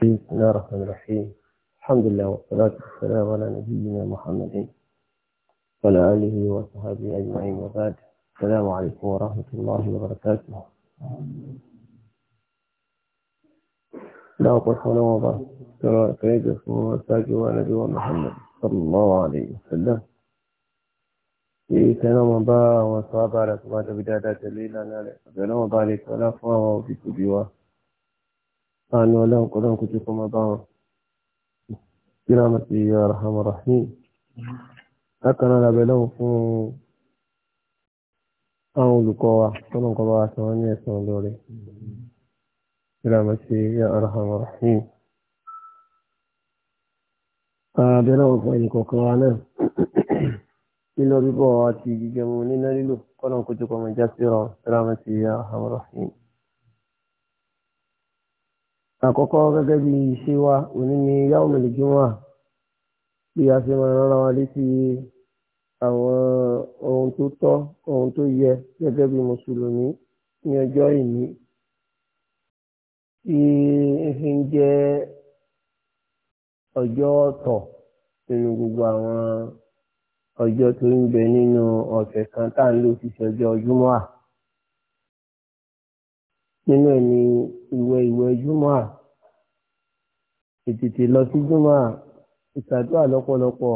بسم الله الرحمن الرحيم الحمد لله والصلاة والسلام على نبينا محمد وعلى آله وصحبه أجمعين وبعد السلام عليكم ورحمة الله وبركاته لا أقول حول وضع ترى كيد وساج ونبي محمد صلى الله عليه وسلم في كلام با على صلاة بداية دليل على كلام با لكلام فهو في كبيوه àánú ọlọ́run kọ́ lọ́run kò tí kọ́ máa bá wọn kíra mọ̀ sí arhamar rahim bákan náà labẹ́ lọ́run fún àwọn olùkọ́ wa tọ́lọ́n kọ́ bá wa sọ wọ́n ní ẹ̀sán lórí kíra mọ̀ sí arhamar rahim àbẹ́ lọ́run fún ẹnì kọ̀ọ̀kan wa náà lílọ bíbọ̀ àti jíjẹun nínú lílò kọ́ kò tí kọ́ máa já sí ọ̀rọ̀ kíra mọ̀ sí arhamar rahim àkọ́kọ́ gẹ́gẹ́ bí iṣẹ́ wa òní ni yaumul jumu'a bí a ṣe máa rán wa létí àwọn ohun tó tọ́ ohun tó yẹ gẹ́gẹ́ bí mùsùlùmí ní ọjọ́ ìní tí fi ń jẹ́ ọjọ́ ọ̀tọ̀ nínú gbogbo àwọn ọjọ́ tó ń bẹ nínú ọ̀sẹ̀ kan tá à ń lò ṣiṣẹ́ ọjọ́ júmọ́à nínú ẹ̀ ní ìwẹ̀ ìwẹ̀ júmọ́à ètètè lọ sí júmọ́ ìṣàdúrà lọ́pọ̀lọpọ̀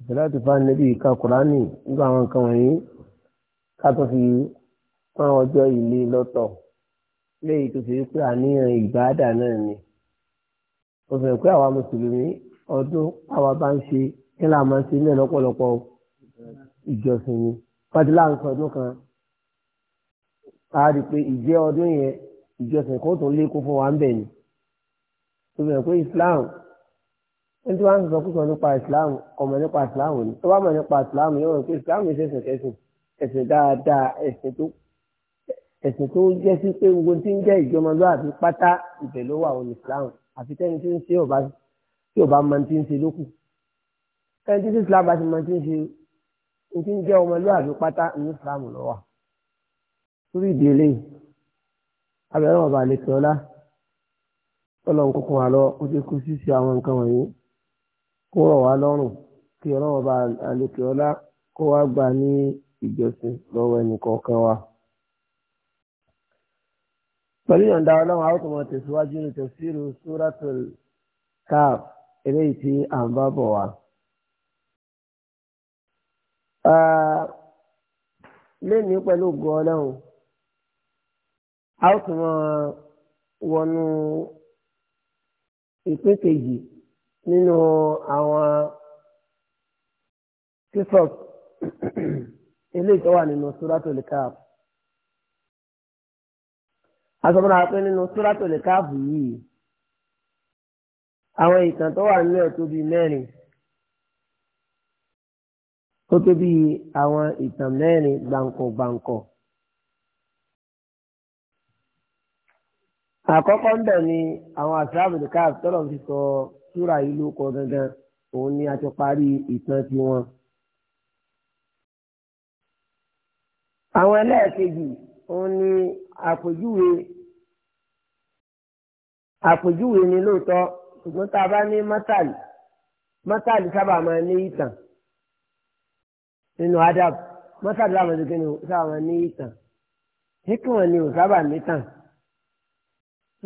ìṣàdúrà fún ànábì ka kùránì nígbà àwọn nǹkan wọ̀nyí ká tó fi fún ọjọ́ ilé lọ́tọ̀ léyìí tó fi pé àníyàn ìbáàdà náà ni ó fi hàn pé àwa mùsùlùmí ọdún àwa bá ń ṣe kí là máa ń ṣe náà lọ́pọ̀lọpọ̀ ìjọsìn ni pàtí láǹsọ ọdún kan a rí i pé ìjẹ́ ọdún yẹn ìjọsìn kó tún lékún fún wa ń bẹ̀ ni tóbi ẹ̀ islam ẹni tí wọ́n á sọ kúkọ nípa islam ọmọ nípa islam ni tó bá mọ̀ nípa islam yóò rò pé islam ṣe ẹ̀sìn kẹsìn ẹ̀sìn dáadáa ẹ̀sìn tó ẹ̀sìn tó jẹ́ sí pé gbogbo tí ń jẹ́ ìjọmọlúwàbí pátá ibẹ̀ ló wà òun islam àfi tẹ́ni tí ń ṣe ọba tí ọba máa ti ń ṣe lókù tẹ́ni tí islam bá ti máa ti ń ṣe ní ti ń jẹ́ ọmọlúwàbí pátá ní islam ló wà. torí ìdílé abẹ́rẹ́ ọba àlekè ọlá ọlọ́run kókó wa lọ ó jẹ́ kó ṣíṣe àwọn nǹkan wọ̀nyí kó rọ̀ wá lọ́rùn kí ọlọ́run bá àlekè ọlá kó wá gbà ní ìjọsìn lọ́wọ́ ẹnìkọ̀ọ̀kan wa. pẹ̀lú ìyọ̀ǹda ọlọ́run a ó tún mọ tẹ̀síwájú ní tẹ̀síìrù suratul Kahf eléyìí tí à ń bá bọ̀ wá. lénìí pẹ̀lú ògùn ọlọ́run a ó tún mọ wọnú ìpín kejì nínú àwọn kíkọ́p eléyìí tó wà nínú Suratul Kahf. asọ́mọ́ra pé nínú Suratul Kahf yìí àwọn ìtàn tó wà nílẹ̀ tó bíi mẹ́rin tó tó bíi àwọn ìtàn mẹ́rin gbàǹkọ̀gbàǹkọ̀. àkọ́kọ́ ń bẹ̀ ni àwọn àṣàbù ní káàf tọ́lọ̀ fi sọ súra yìí ló kọ gangan òun ni a ti parí ìtàn tiwọn. àwọn ẹlẹ́ẹ̀kejì òun ni àpèjúwe àpèjúwe ni lóòótọ́ ṣùgbọ́n tá a bá ní mọ́tàlì mọ́tàlì sábà máa ní ìtàn nínú adab mọ́tàlì sábà máa ní ìtàn hikima ni ò sábà ní ìtàn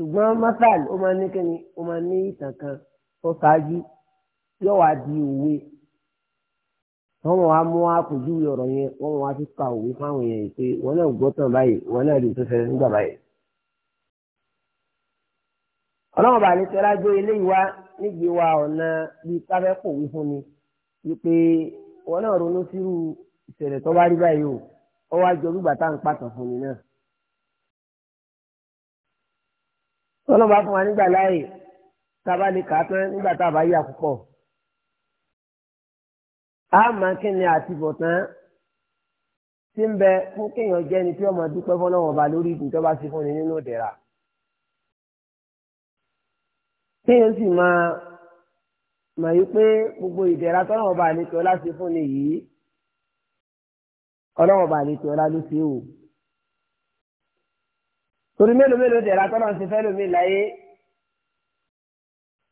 ṣùgbọ́n masal ó máa ní kíni ó máa ní ìtàn kan tó ṣáájú yóò wá di òwe wọ́n mọ̀ wá mú àpèjúwe ọ̀rọ̀ yẹn wọ́n mọ̀ wá fi ka òwe fáwọn èèyàn pé wọ́n náà gbọ́ tán báyìí wọ́n náà lè tó fẹ́ nígbà báyìí. ọlọ́run bàálẹ̀ tẹ́lá jó eléyìí wá níbi wa ọ̀nà bí káfẹ́ kò wí fún mi wípé wọ́n náà ronú sírú ìṣẹ̀lẹ̀ tó bá rí báyìí o ó wá jọ bí bàtà pàtàn fún mi náà. tọ́lọ́ba fún wa nígbà láàyè tá a bá lè kà á tán nígbà tá a bá yà púpọ̀. a máa kí ni àtibọ̀ tán tí ń bẹ fún kéèyàn jẹ́ ni tí ọmọ dúpẹ́ fọlọ́wọ́n ba lórí ìdùn tó bá sí fún ni nínú ìdẹ̀ra. kéèyàn sì máa mọ̀ yí pé gbogbo ìdẹ̀ra tọ́lọ́wọ́n ba àlejò ọlá sí fún ni yìí ọlọ́wọ́n ba àlejò ọlá ló ṣe wò torí mélòó mélòó dẹ̀ra tọ́lá ń ṣe fẹ́ lómi láyé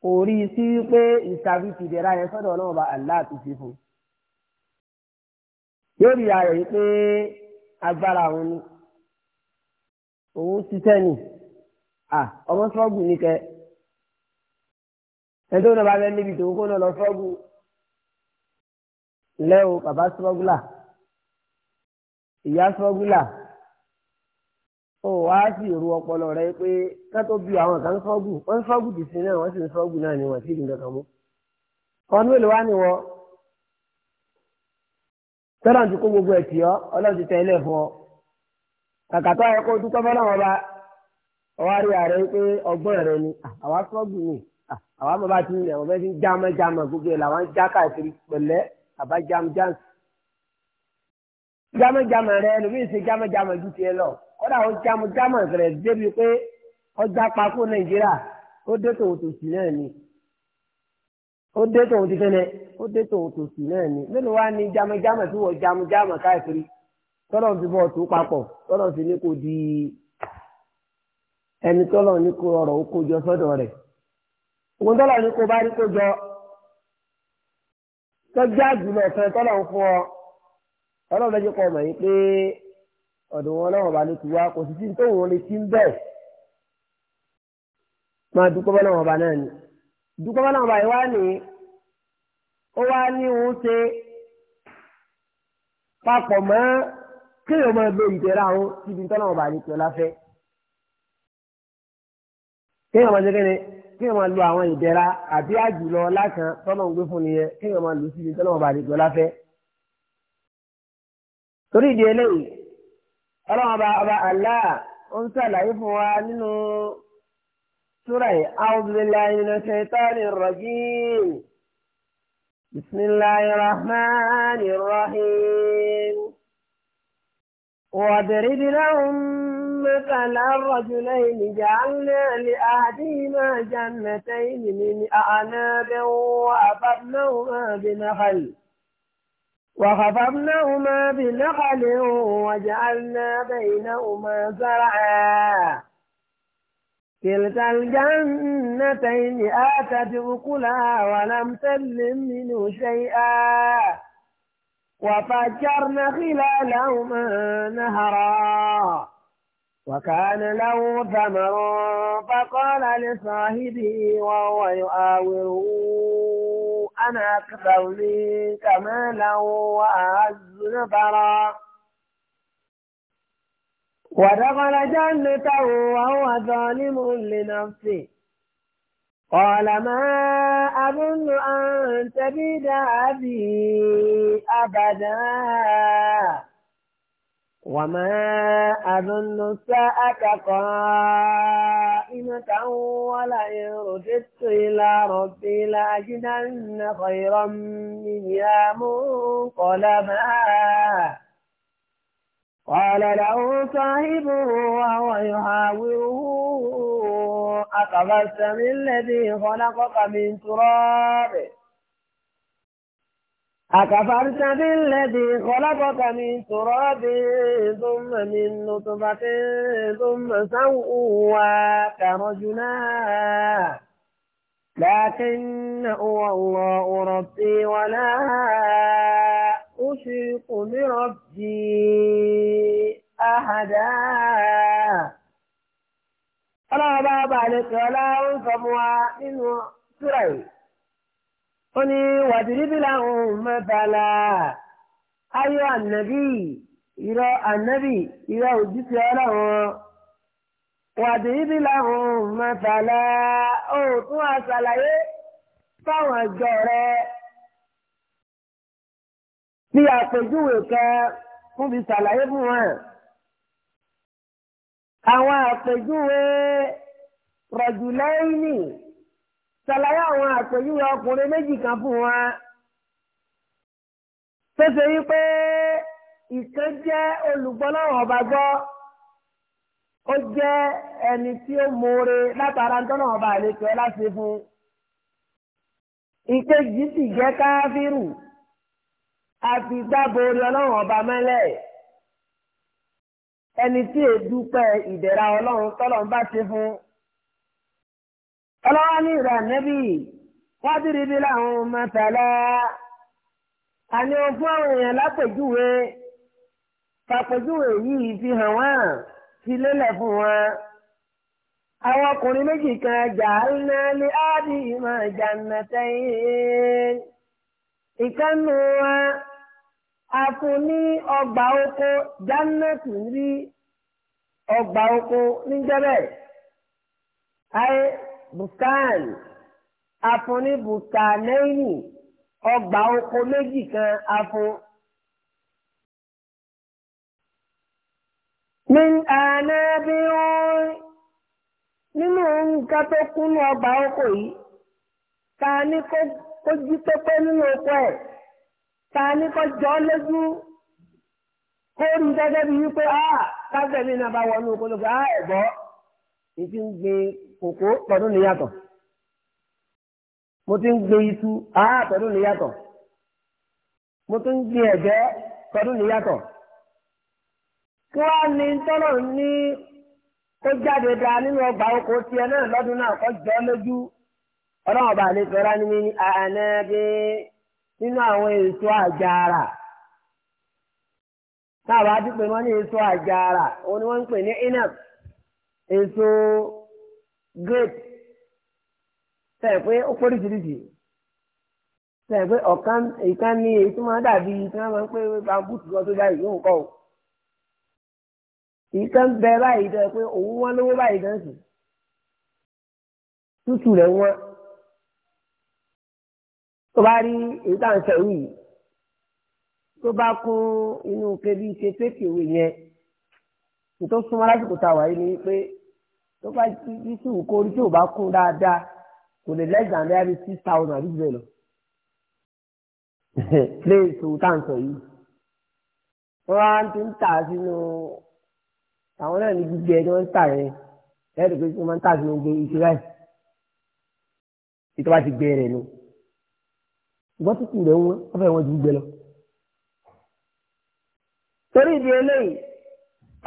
kò rí i sí pé ìsàbí ti dẹ̀ra yẹn sọ́dọ̀ ọlọ́run ọba Allah ti fi fún un. yóò rí ayọ̀ yìí pé agbára òun ni òun ṣiṣẹ́ ni ọmọ sọ́ọ̀gù ni kẹ ẹni tó ń bá bẹ níbi tòun kó náà lọ sọ́ọ̀gù lẹ́wọ̀ bàbá sọ́ọ̀gùlà ìyá sọ́ọ̀gùlà ó wá sí ìrú ọpọlọ rẹ pé ká tó bí àwọn kan fọ́gù wọ́n fọ́gù dì sí náà wọ́n sì ń fọ́gù náà ni wọ́n sì ń kankan mú. ọ̀nù èlò wá ni wọ́n tọ́lá ti kó gbogbo ẹ̀ tì ọ́ ọlọ́run ti tẹ ilé fún ọ. kàkà tó ayẹ kó dúpẹ́ fọlọ́run ọba ọwọ́ rí ààrẹ pé ọgbọ́n rẹ ni àwa fọ́gù ni àwa mọ̀ bá ti ń lẹ̀ wọ́n fẹ́ fi jámọ́ jámọ́ gbogbo ẹ̀ làwọn já káàkiri pẹ̀lẹ́ àbájámjáǹsì jámẹ́jámẹ́ rẹ lómi ṣe jámẹ́jámẹ́ ju tiẹ̀ lọ kódà ó jámẹ́jámẹ́ rẹ débi pé ọjà pakó nàìjíríà ó dé tòun tòsí náà ni ó dé tòun ti kẹ́nẹ́ ó dé tòun tòsí náà ni mélòó wá ní jámẹ́jámẹ́ tí wọ́n jámẹ́jámẹ́ káàkiri tọ́lọ̀ ti bọ̀ tó papọ̀ tọ́lọ̀ ti ní kò di ẹni tọ́lọ̀ ní kò ọ̀rọ̀ ó kó jọ sọ́dọ̀ rẹ̀ òun tọ́lọ̀ ní kò bá rí kó jọ tọ́jú àjùlọ̀ ọ̀fẹ́ tọ́lọ̀ ń fún ọ ọlọ́run lọ́jọ́ kan mọ̀ yín pé ọ̀dọ̀ wọn ọlọ́run ọba ló ti wá kò sì sí tó wọn lè ti ń bẹ̀ máa dúpọ́ bọ́ lọ́wọ́ ọba náà ni dúpọ́ bọ́ lọ́wọ́ ọba yìí wá ní ó wá ní òun ṣe papọ̀ mọ́ kéèyàn máa lo ìdẹ́ra òun síbi tọ́lọ́wọ́ ọba ní tọ́lá fẹ́ kéèyàn máa ṣe kéde kéèyàn máa lo àwọn ìdẹ́ra àbí àjùlọ lákan tọ́lọ́wọ́ gbé fún nìyẹn kéèyàn máa lò síbi tọ́lọ́wọ́ ọba ní tọ́lá fẹ́. torí ìdí eléyìí ọlọ́run ọba ọba Allah ó ń sàlàyé fún wa nínú súrà yìí a'udhu billahi minash shaitanir rajim bismillahir rahmanir rahim واضرب لهم مثلا رجلين جعلنا لأحدهما جنتين من أعناب وأفدناهما بنخل وخفضناهما بنخل وجعلنا بينهما زرعا كلتا الجنتين آتت أكلها ولم تظلم منه شيئا وفجرنا خلالهما نهرا وكان له ثمر فقال لصاحبه وهو يؤاوره أنا أكثر منك مالا وأعز نفرا ودخل جنته وهو ظالم لنفسه قال ما أظن أن تبيد أبي أبدا وما أظن الساعة قائمة ولئن رددت إلى ربي لأجدن خيرا منها منقلبا قال له صاحبه وهو يحاوره أقبلت من الذي خلقك من تراب أكفرت بالذي خلقك من تراب ثم من نطفة ثم سوءك رجلا لكن هو الله ربي ولا أشرك بربي أحدا أنا بابا لك ولا أنصب وإن سريت ó ní wàdìríbìlà òun mẹ́tàlá ayé ànábì ìrọ̀ ànábì ìrọ̀ òjúṣe ọlọ́run wàdìríbìlà òun mẹ́tàlá ó tún àṣàlàyé fáwọn ẹjọ́ rẹ bí àpèjúwe kan fún fi ṣàlàyé fún wọn àwọn àpèjúwe rọ̀jùlẹ́yìn nìyí ṣàlàyé àwọn àpèjúwe ọkùnrin méjì kan fún wa tó ṣe wípé ìkan jẹ́ olùgbọ́ náà ọba gbọ́ ó jẹ́ ẹni tí ó mọ̀ọ́re látara ńtọ́nà ọba àlejò ẹ láti fún ìkejì sì jẹ́ káfíìrù àti gbàbọ̀ọ́rẹ́ ọlọ́run ọba mẹ́lẹ̀ ẹni tí èdúpẹ́ ìdẹ̀ra ọlọ́run tọ́lọ́run bá ṣe fún un ọlọ́wọ́ ní ìrà nẹ́bí wádìrí bí láwọn mọ́tàlá àní fún àwọn èèyàn lápèjúwe pàpèjúwe yìí fi hàn wọ́n fi lélẹ̀ fún wọn. àwọn ọkùnrin méjì kan ja'alna li adihima jannatayn. ìkànnì wọn a fún ní ọgbà oko jannatu rí ọgbà oko níjẹ́bẹ̀. ayé bùkán afun ní bùkánẹ́yìn ọgbà oko méjì kan afun. ní àná bí wọ́n nínú nǹkan tó kún ní ọgbà oko yìí ta ni kó jí pépé nínú oko ẹ̀ ta ni kó jọ lójú kó rí gẹ́gẹ́ bí wípé a ah, kábẹ̀mí náà bá wọnú oko lóko a ah, ẹ̀gbọ́n. ètí ń gbin kòkó tọdún ní yàtọ̀ mo ti ń gbin iṣu áá tọdún ní mo ti ń gbin ẹ̀gẹ́ tọdún ní kí wàá ní tọ́lọ̀ ní kó jáde da nínú ọgbà oko tiẹ̀ náà lọ́dún náà kọ́ jọ lójú ọlọ́run ọba àlejò ọlá ní ní ànábì nínú àwọn èso àjàrà èso grape sẹ́yìn pé ó póríṣiríṣi sẹ́yìn pé ọ̀kan ìkan ní èyí tó máa dàbí tí wọ́n máa ń pè é bambútù kan tó báyìí yóò kọ́ ò ìkan bẹ báyìí tó yẹ pé òun wọ́n lówó báyìí gan sí tútù rẹ̀ wọ́n tó bá rí èyí tá à ń sẹ́wọ́ yìí tó bá kún inú kebí ṣe pépè òwe yẹn nítorí súnmọ́ lásìkò tá a wà yìí ni pé tó bá yíṣu kórí tí ò bá kún dáadáa kò lè less than there be six thousand àbí bẹ́ẹ̀ lọ. place ò tá à ń sọ yìí. wọ́n á ti ń tà sínú àwọn náà ní gbígbé ẹni wọ́n ń tà yẹn ẹ̀rọ pé wọ́n máa ń tà sínú gbé ìṣúra ẹ̀ ìtọ́ba ti gbé rẹ̀ nù. ìgbọ́n tuntun rẹ̀ wọ́n wọ́n fẹ́ wọ́n ju gbé lọ. torí ìdí eléyìí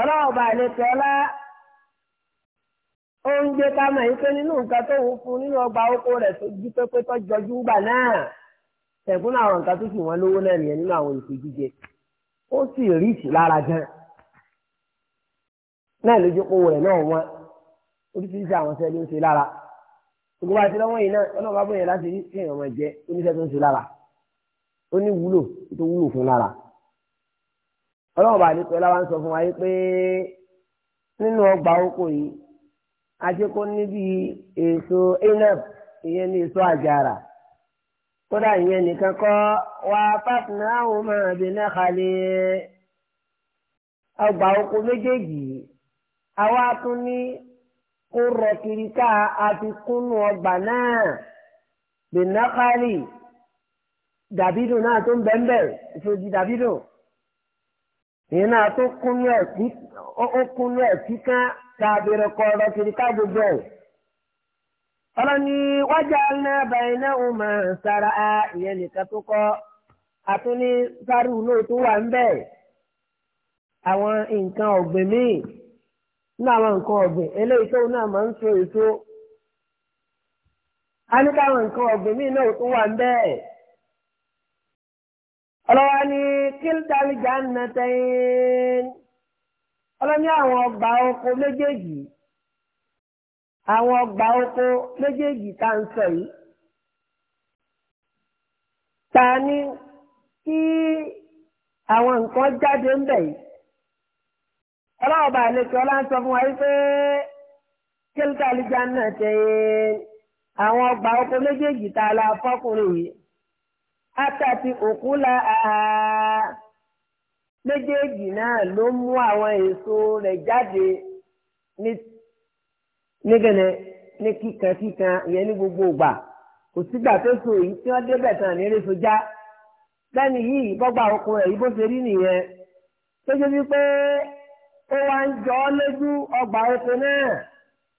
ọlọ́wọ́ bá àlejò ọlá ó ń gbé kámẹ́ yìí pé nínú nǹkan tó ń fún nínú ọgbà oko rẹ̀ tó jí pépé tó jọjú gbà náà tẹ̀kún àwọn nǹkan tó sì wọ́n lówó náà nìyẹn nínú àwọn ètò jíjẹ ó sì ríṣì lára gan náà lójú owó rẹ̀ náà wọ́n oríṣiríṣi àwọn iṣẹ́ ń ṣe lára gbogbo àti lọ́wọ́ yìí náà ọlọ́run bá bóyá láti rí kéèyàn máa jẹ oníṣẹ́ tó ń ṣe lára ó ní wúlò tó wúlò fún lára ọlọ́run bá ní pẹ́ láwa ń sọ fún wa yìí pé nínú ọgbà oko yìí àtikó níbi èso inab ìyẹn ní èso àjàrà kódà ìyẹn nìkan kọ́ wà fásitì àwọn ọmọ ìbílẹ̀ kalẹ̀ ọgbà oko méjèèjì àwa tún ní kó rọ kiri ká àti kúnnú ọgbà náà bìnnákàlì dàbídùn náà tó ń bẹ́ńbẹ́ ìfojì dàbídùn. ìyẹn na tó kún ní ẹ̀sí ó kún ní ẹ̀sí ọ̀rọ̀ kiri ká gbogbo ẹ̀. ọlọ́ni wájà ńlá báyìí náà ìyẹn nìkan tó kọ́ àtúní sáré ní àwọn nǹkan ọ̀gbìn eléyìí a ní káwọn nǹkan ọ̀gbìn míì náà ọlọ́wọ́ ní kíldàlì jàǹnà tẹ́yìn ọlọ́ní àwọn ọgbà oko méjèèjì àwọn ọgbà oko méjèèjì tá à sọ yìí ta ni kí àwọn nǹkan jáde ń bẹ̀ yìí ọlọ́wọ́ bá lè kí ọlá ń sọ fún wa yìí pé kíldàlì jàǹnà tẹ́yìn àwọn ọgbà oko méjèèjì tá a la fọ́kùnrin yìí. àtàtì òkúla méjèèjì náà ló mú àwọn èso rẹ̀ jáde ní gẹ̀nẹ̀ ní kíkankíkan ìyẹn ní gbogbo ìgbà kò sígbà tó so èyí tí wọ́n débẹ̀ tán ní eréso já lẹ́nu yìí bọ́gbà ọkùnrin rẹ̀ yìí bó ṣe rí nìyẹn tó ṣe wípé ó wá ń jọ ọ́ lójú ọgbà oko náà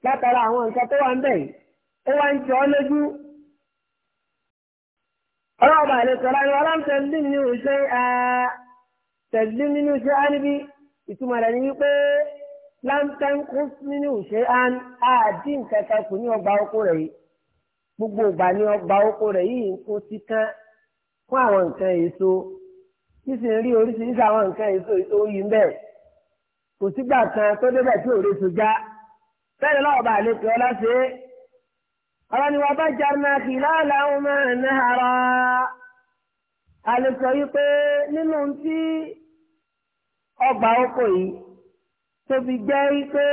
látara àwọn nǹkan tó wà ń bẹ̀ yìí ó wá ń jọ ọ́ lójú. ọlọ́ọ̀bà àlẹ́sọ̀lá ni ọlọ́ntẹ̀lí mi ò ṣe tẹ̀lí mi ò ṣe á níbi ìtumọ̀ rẹ̀ ni wípé láńtẹ́ńkún mi ò ṣe á dín kẹta kù ní ọgbà oko rẹ̀ yìí gbogbo ìgbà ní ọgbà oko rẹ̀ yìí ń kó sí fún àwọn nǹkan èso sísìn rí oríṣiríṣi àwọn nǹkan èso tó yí ń bẹ̀ kò sígbà kan tó débẹ̀ tí òre já bẹ́ẹ̀ ni ọlọ́ọ̀bà àlẹ́sọ̀lá ṣe é ọ̀rọ̀ ni wọ́n bá jarna kì láàláwọ̀ máa ń hara àlùsọ yìí pé nínú tí ọgbà oko yìí tóbi jẹ́ pé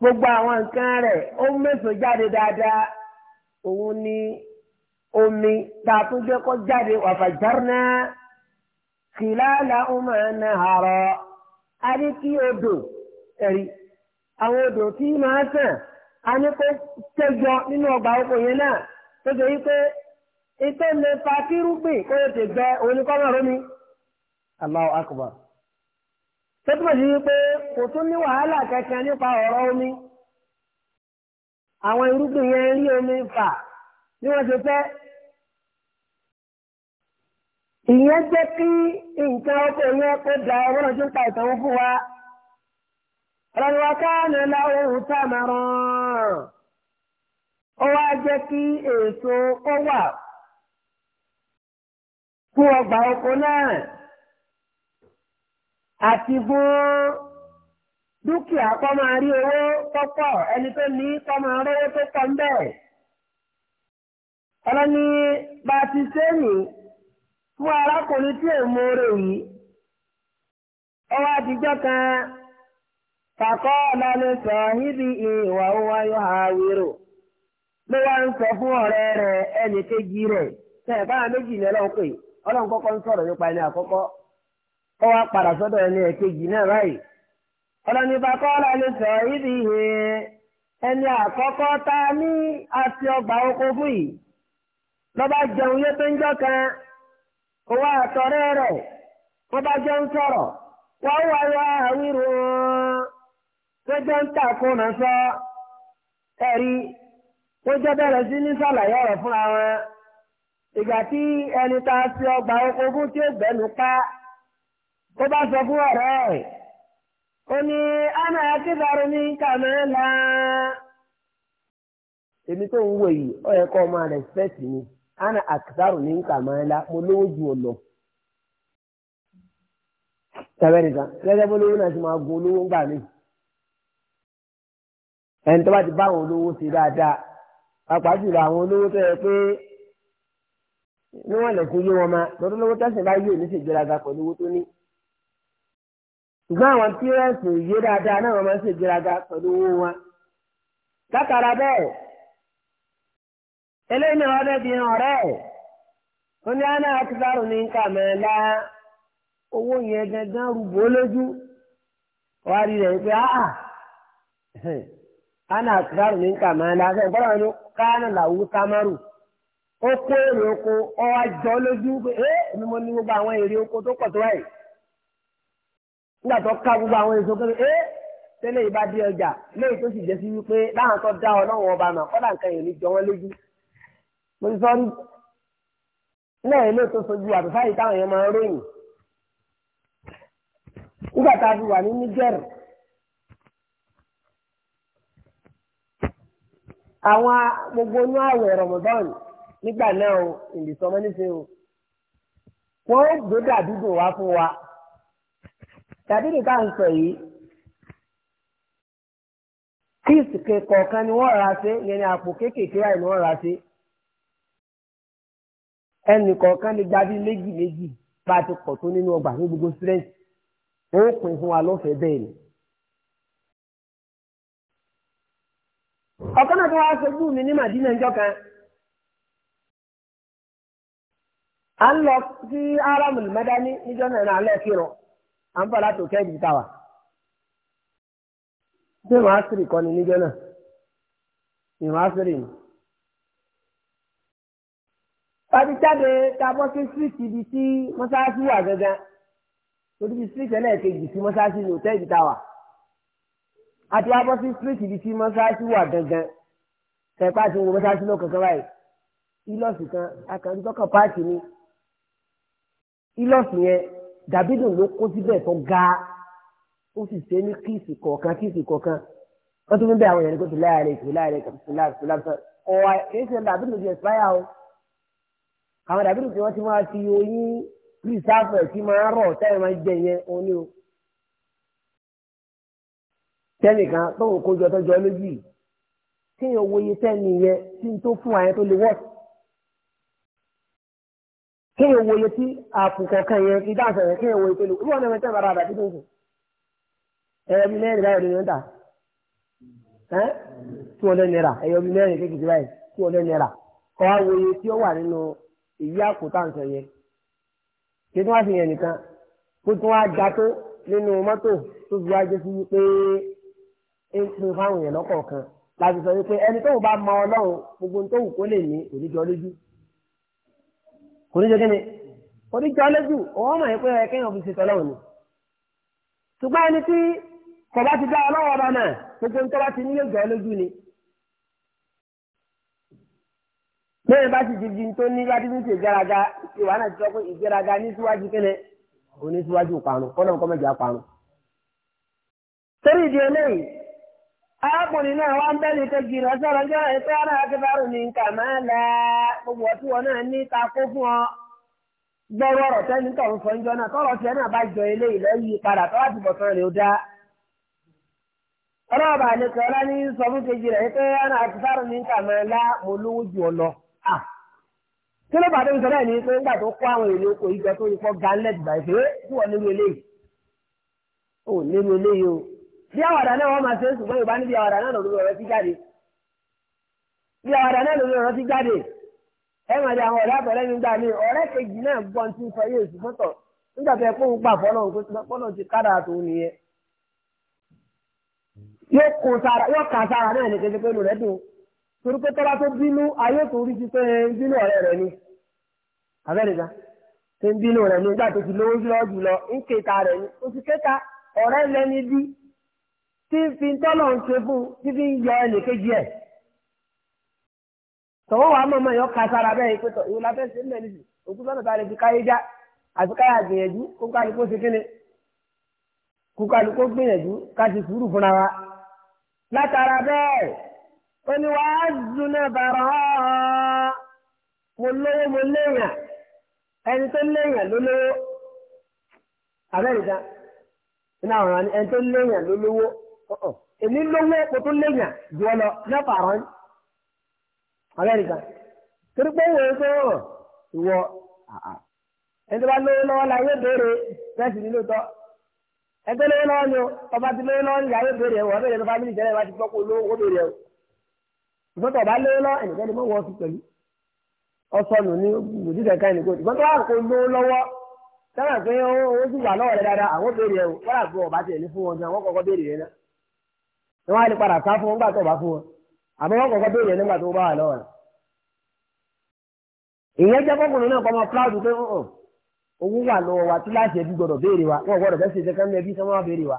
gbogbo àwọn nǹkan rẹ̀ ó mẹ́sàn jáde dáadáa òun ni omi tá a tún jẹ́ kó jáde kìláàlà ọmọ ẹ̀nà àrọ̀ a kí odò ẹ̀rí àwọn odò tí máa sàn. a ní kó kẹjọ nínú ọgbà oko yẹn náà tó ṣe yí pé ìtò lè fa kírúgbìn kó o ti gbẹ oníkọ́mọ̀ rómi. tó túmọ̀ sí wípé kò tún ní wàhálà kankan nípa ọ̀rọ̀ omi. àwọn irúgbìn yẹn rí omi fà wọ́n ṣe fẹ́. ìyẹn jẹ́ kí nǹkan ọkọ̀ yẹn kó da ọlọ́run wa káàánú láwọn ohun tá a máa rán ó wá jẹ́ kí èso ó wà fún ọgbà oko náà àti fún dúkìá kọ́ máa rí owó tó pọ̀ ẹni tó ní kọ́ máa rówó tó pọ̀ ń bẹ̀. bá ti fún arákùnrin tí فقال لصاحبه وهو يحاوره ló wá ń sọ fún ọ̀rẹ́ rẹ̀ ẹnì kejì rẹ̀ tẹ̀ bá méjì ní ọlọ́run pé ọlọ́run kọ́kọ́ ń sọ̀rọ̀ nípa ẹni àkọ́kọ́ ó wá padà sọ́dọ̀ ẹni ẹ̀kejì náà báyìí ẹni àkọ́kọ́ ta ní àti ọgbà oko fún yìí lọ́ba jẹun yé ń kan àtọ̀rẹ́ rẹ̀ wọ́n bá jẹun sọ̀rọ̀ wọ́n wáyé àwírò wọn. tó jẹ́ ń tàkùn na sọ ẹ̀rí tó jẹ́ bẹ̀rẹ̀ sí ní sàlàyé ọ̀rọ̀ fúnra wọn ìgbà tí ẹni tá a ṣe ọgbà O tí ó gbẹ́nu pa tó bá sọ fún ọ̀rẹ́ ẹ̀ ó ní ní èmi tó ń wò yìí ó yẹ kó o máa ana ní mo lówó ju ọ lọ tàbí gẹ́gẹ́ bó lówó náà ti máa gun olówó ń gbà ẹni tó bá ti báwọn olówó ṣe dáadáa pàápàá jùlọ àwọn olówó tó yẹ pé níwọ̀n lẹ́kùn yé wọn ma lọ́dún lówó tẹ̀sán bá yé òní ṣègbéraga pẹ̀lú owó tó ní. ṣùgbọ́n àwọn tí wọ́n sì yé dáadáa náà wọ́n máa ń ṣègbéraga pẹ̀lú owó wọn. látara bẹ́ẹ̀ eléyìí náà wọ́n bẹ́ẹ̀ fi hàn ọ̀rẹ́ ó ní àná akíkárù ní kàmẹ́lá owó yẹn gangan rúbọ lójú wàá rí rẹ̀ pé áà ana asigaru ní nkà máa ń da sẹ́yìn bọ́lá ẹnu káánà làwù sámárù ó kó èrè oko ọwọ́ àjọ lójú pé ẹ́ èmi mo ní gbogbo àwọn èrè oko tó pọ̀ tó wáyé nígbà tó ká gbogbo àwọn èso kéré ẹ́ tẹ́lẹ̀ yìí bá dé ọjà léyìí tó sì jẹ́ sí wípé láwọn tó dá ọlọ́run ọba mà kọ́dà nǹkan yìí ò ní jọ wọ́n lójú mo ti sọ rí náà ilé tó sojú àtúnfáyì táwọn èèyàn máa ń ròyìn nígbà tá a fi wà ní nígẹ̀rì àwọn gbogbo inú àwẹ̀ Ramadan nígbà náà o ìlìsọmọ níṣẹ́ o wọ́n ó gbé dàbídò wá fún wa dàbídò tá à ń sọ yìí kíìsì kọ̀ọ̀kan ni wọ́n ra ṣe yẹn ni àpò kéékèèké wáyé ni wọ́n ra ṣe ẹnì kọ̀ọ̀kan ni gba bíi méjì méjì bá a ti pọ̀ tó nínú ọgbà ní gbogbo sírẹ́ǹtì ó pín fún wa lọ́fẹ̀ẹ́ bẹ́ẹ̀ ni. ọ̀kan náà tó wá sojú mi ní màdínà ìjọ kan à ń lọ sí aráàmù mẹ́dání níjọ́ náà náà lẹ́ẹ̀kì rọ̀ à ń bọ̀ láti òkè ṣé sírì kọ́ ni níjọ́ náà ìwọ̀n á sírì ni. Tàbí ta bọ́ sí síìtì ibi tí mọ́sáàsì wà gangan. Torí bí ẹlẹ́ẹ̀kejì àti wá bọ́ sí street ibi tí mọ́ṣáláṣí wà gangan tẹ̀pá ti wo mọ́ṣáláṣí náà kankan báyìí ilọ́ọ̀sì kan akàndí tọ́kàn páàkì ni ilọ́ọ̀sì yẹn dàbídùn ló kó síbẹ̀ tó ga ó sì ṣe ní kíìsì kọ̀ọ̀kan kíìsì kọ̀ọ̀kan wọ́n tún bẹ àwọn èèyàn kó ti láyàrá ètò láyàrá ètò láti láti ọ̀wà kìí ṣe dàbídùn ti ẹ̀sìpáyà o àwọn dàbídùn tí wọ́n ti máa fi oyin pírísáfẹ̀ tí máa rọ̀ táyà máa jẹ yẹn òun ni o tẹ́nìkan tóun kójú ọtọ́jọ́ méjì tíyàn wo iye tẹ́ni yẹn tí n tó fún àyẹn tó lè wọ́ọ̀tì kíyàn wo iye tí àpùkọ̀ kan yẹn kí dáhùn sọ̀rọ̀ kíyàn wo iye tó lè wọ́n náà mẹ́tẹ́ bàrà àdàtí tó ń sùn ẹ̀yọ́ bí mẹ́rin báyọ̀ lóyún dà ẹ́ tí wọ́n lé nira ẹ̀yọ́ bí mẹ́rin kékeré báyìí tí wọ́n lé nira kọ́ á wo iye tí ó wà nínú ìyí àpò táǹsọ̀ yẹn kí tí wọ́n fi yẹn nìkan kó tí wọ́n á ga tó nínú mọ́tò tó fi wá jẹ́ ń pin fáwọn èèyàn lọ́kọ̀ọ̀kan láti sọ wípé ẹni tóun bá mọ ọlọ́run gbogbo tóun kó lè ní kò ní jọ lójú kò ní jọ kí ni kò ní jọ lójú òun mọ̀ yín pé ẹ kéèyàn fi ṣètò ọlọ́run ni ṣùgbọ́n ẹni tí kò bá ti dá ọlọ́run ọba náà gbogbo tó bá ti ní yóò jọ lójú ni lẹ́yìn bá ti di di tó ní bá ti ní ṣe ìgbéraga ìwà náà ti sọ pé ìgbéraga ní síwájú kí ni kọ́nà kọ́mẹ́jà parun torí ìdí eléyìí arákùnrin náà wá ń bẹ́ni tó jìnà sọ̀rọ̀ jọ ẹ̀fẹ́ ara akẹ́bàrù ní nǹkan máa la gbogbo ọtí wọn náà ní takó fún ọ gbọ́rọ̀ ọ̀rọ̀ tẹ́ni tó ń fọ́njọ́ náà tọ́rọ̀ bá jọ ilé ìlọ́yìí padà tó láti bọ̀ rẹ̀ ó dá. ní sọ fún kejì rẹ̀ ara la mo lówó ọ lọ. kí ló bàtẹ́ sọ bẹ́ẹ̀ ni pé bí àwàdà náà wọ́n máa ṣe ụba ṣùgbọ́n Yorùbá ní bí àwàdà náà lòdù ọ̀rọ̀ ti jáde bí àwàdà náà lòdù ọ̀rọ̀ ti jáde ẹ máa di àwọn ọ̀rẹ́ àtọ̀rẹ́ mi gbà mí ọ̀rẹ́ kejì náà ti sọ yé èsì fọ́tọ̀ nígbà tó yẹ kó ń gbà fọ́nà fọ́nà ti kára nìyẹn yóò kà sára náà ní rẹ̀ dùn torí pé tọ́lá tó bínú ayé tó rí ti tẹ́ bínú ọ̀rẹ́ rẹ̀ tí ń fi tọ́lọ̀ ń ṣe fún tí fi ń yọ ẹnìkejì ẹ̀. tọ́wọ́ wàá mọ̀mọ́ yọ ká sára bẹ́ẹ̀ yìí pẹ́tọ̀ ìwọ láfẹ́ sí nílẹ̀ níbi òkú sọ́nà tá a lè fi káyé já àti káyà gbìyànjú kó káyà kó ṣe kíni kó káyà kó gbìyànjú ká ti sùúrù fúnra wa. látara bẹ́ẹ̀ ó ní wàá dunná bàrà mo lówó mo léèyàn ẹni tó léèyàn ló lówó abẹ́rẹ́ ìdá ẹni tó léèyàn ló lówó èmi lówó kò tó léyìn jù ọ lọ lẹ́fà rán amẹ́ríkà torí pé wọ́n ń sọ ìwọ ẹni tó bá lówó lọ́wọ́ la yóò béèrè bẹ́ẹ̀sì nílò tọ́ ẹgbẹ́ lówó lọ́wọ́ ni ọba ti lówó lọ́wọ́ ni la yóò béèrè wọ́n béèrè tó bá mílì jẹ́rẹ́ ìwádìí gbọ́ kó lówó béèrè o ìfọ́n ọba lówó lọ́wọ́ ẹnìkan ni mọ̀ wọ́n fi pẹ̀lú ọsọnù ní òjijì kan ẹnìkan ìfọ́n tó wà kó lówó lọ́wọ́ sábà pé owó sì wà lọ́wọ́ rẹ dáadáa àwọn béèrè o wọ́n ni wọ́n lè padà sá fún wọn nígbà tó bá fún wọn àmọ́ wọ́n kọ̀ọ̀kan béèrè nígbà tó bá wà ìyẹn náà fúláàdù pé oh, oh, wa tí láti ẹbí gbọ́dọ̀ béèrè wa wọ́n gbọ́dọ̀ fẹ́ ṣe kán béèrè wa.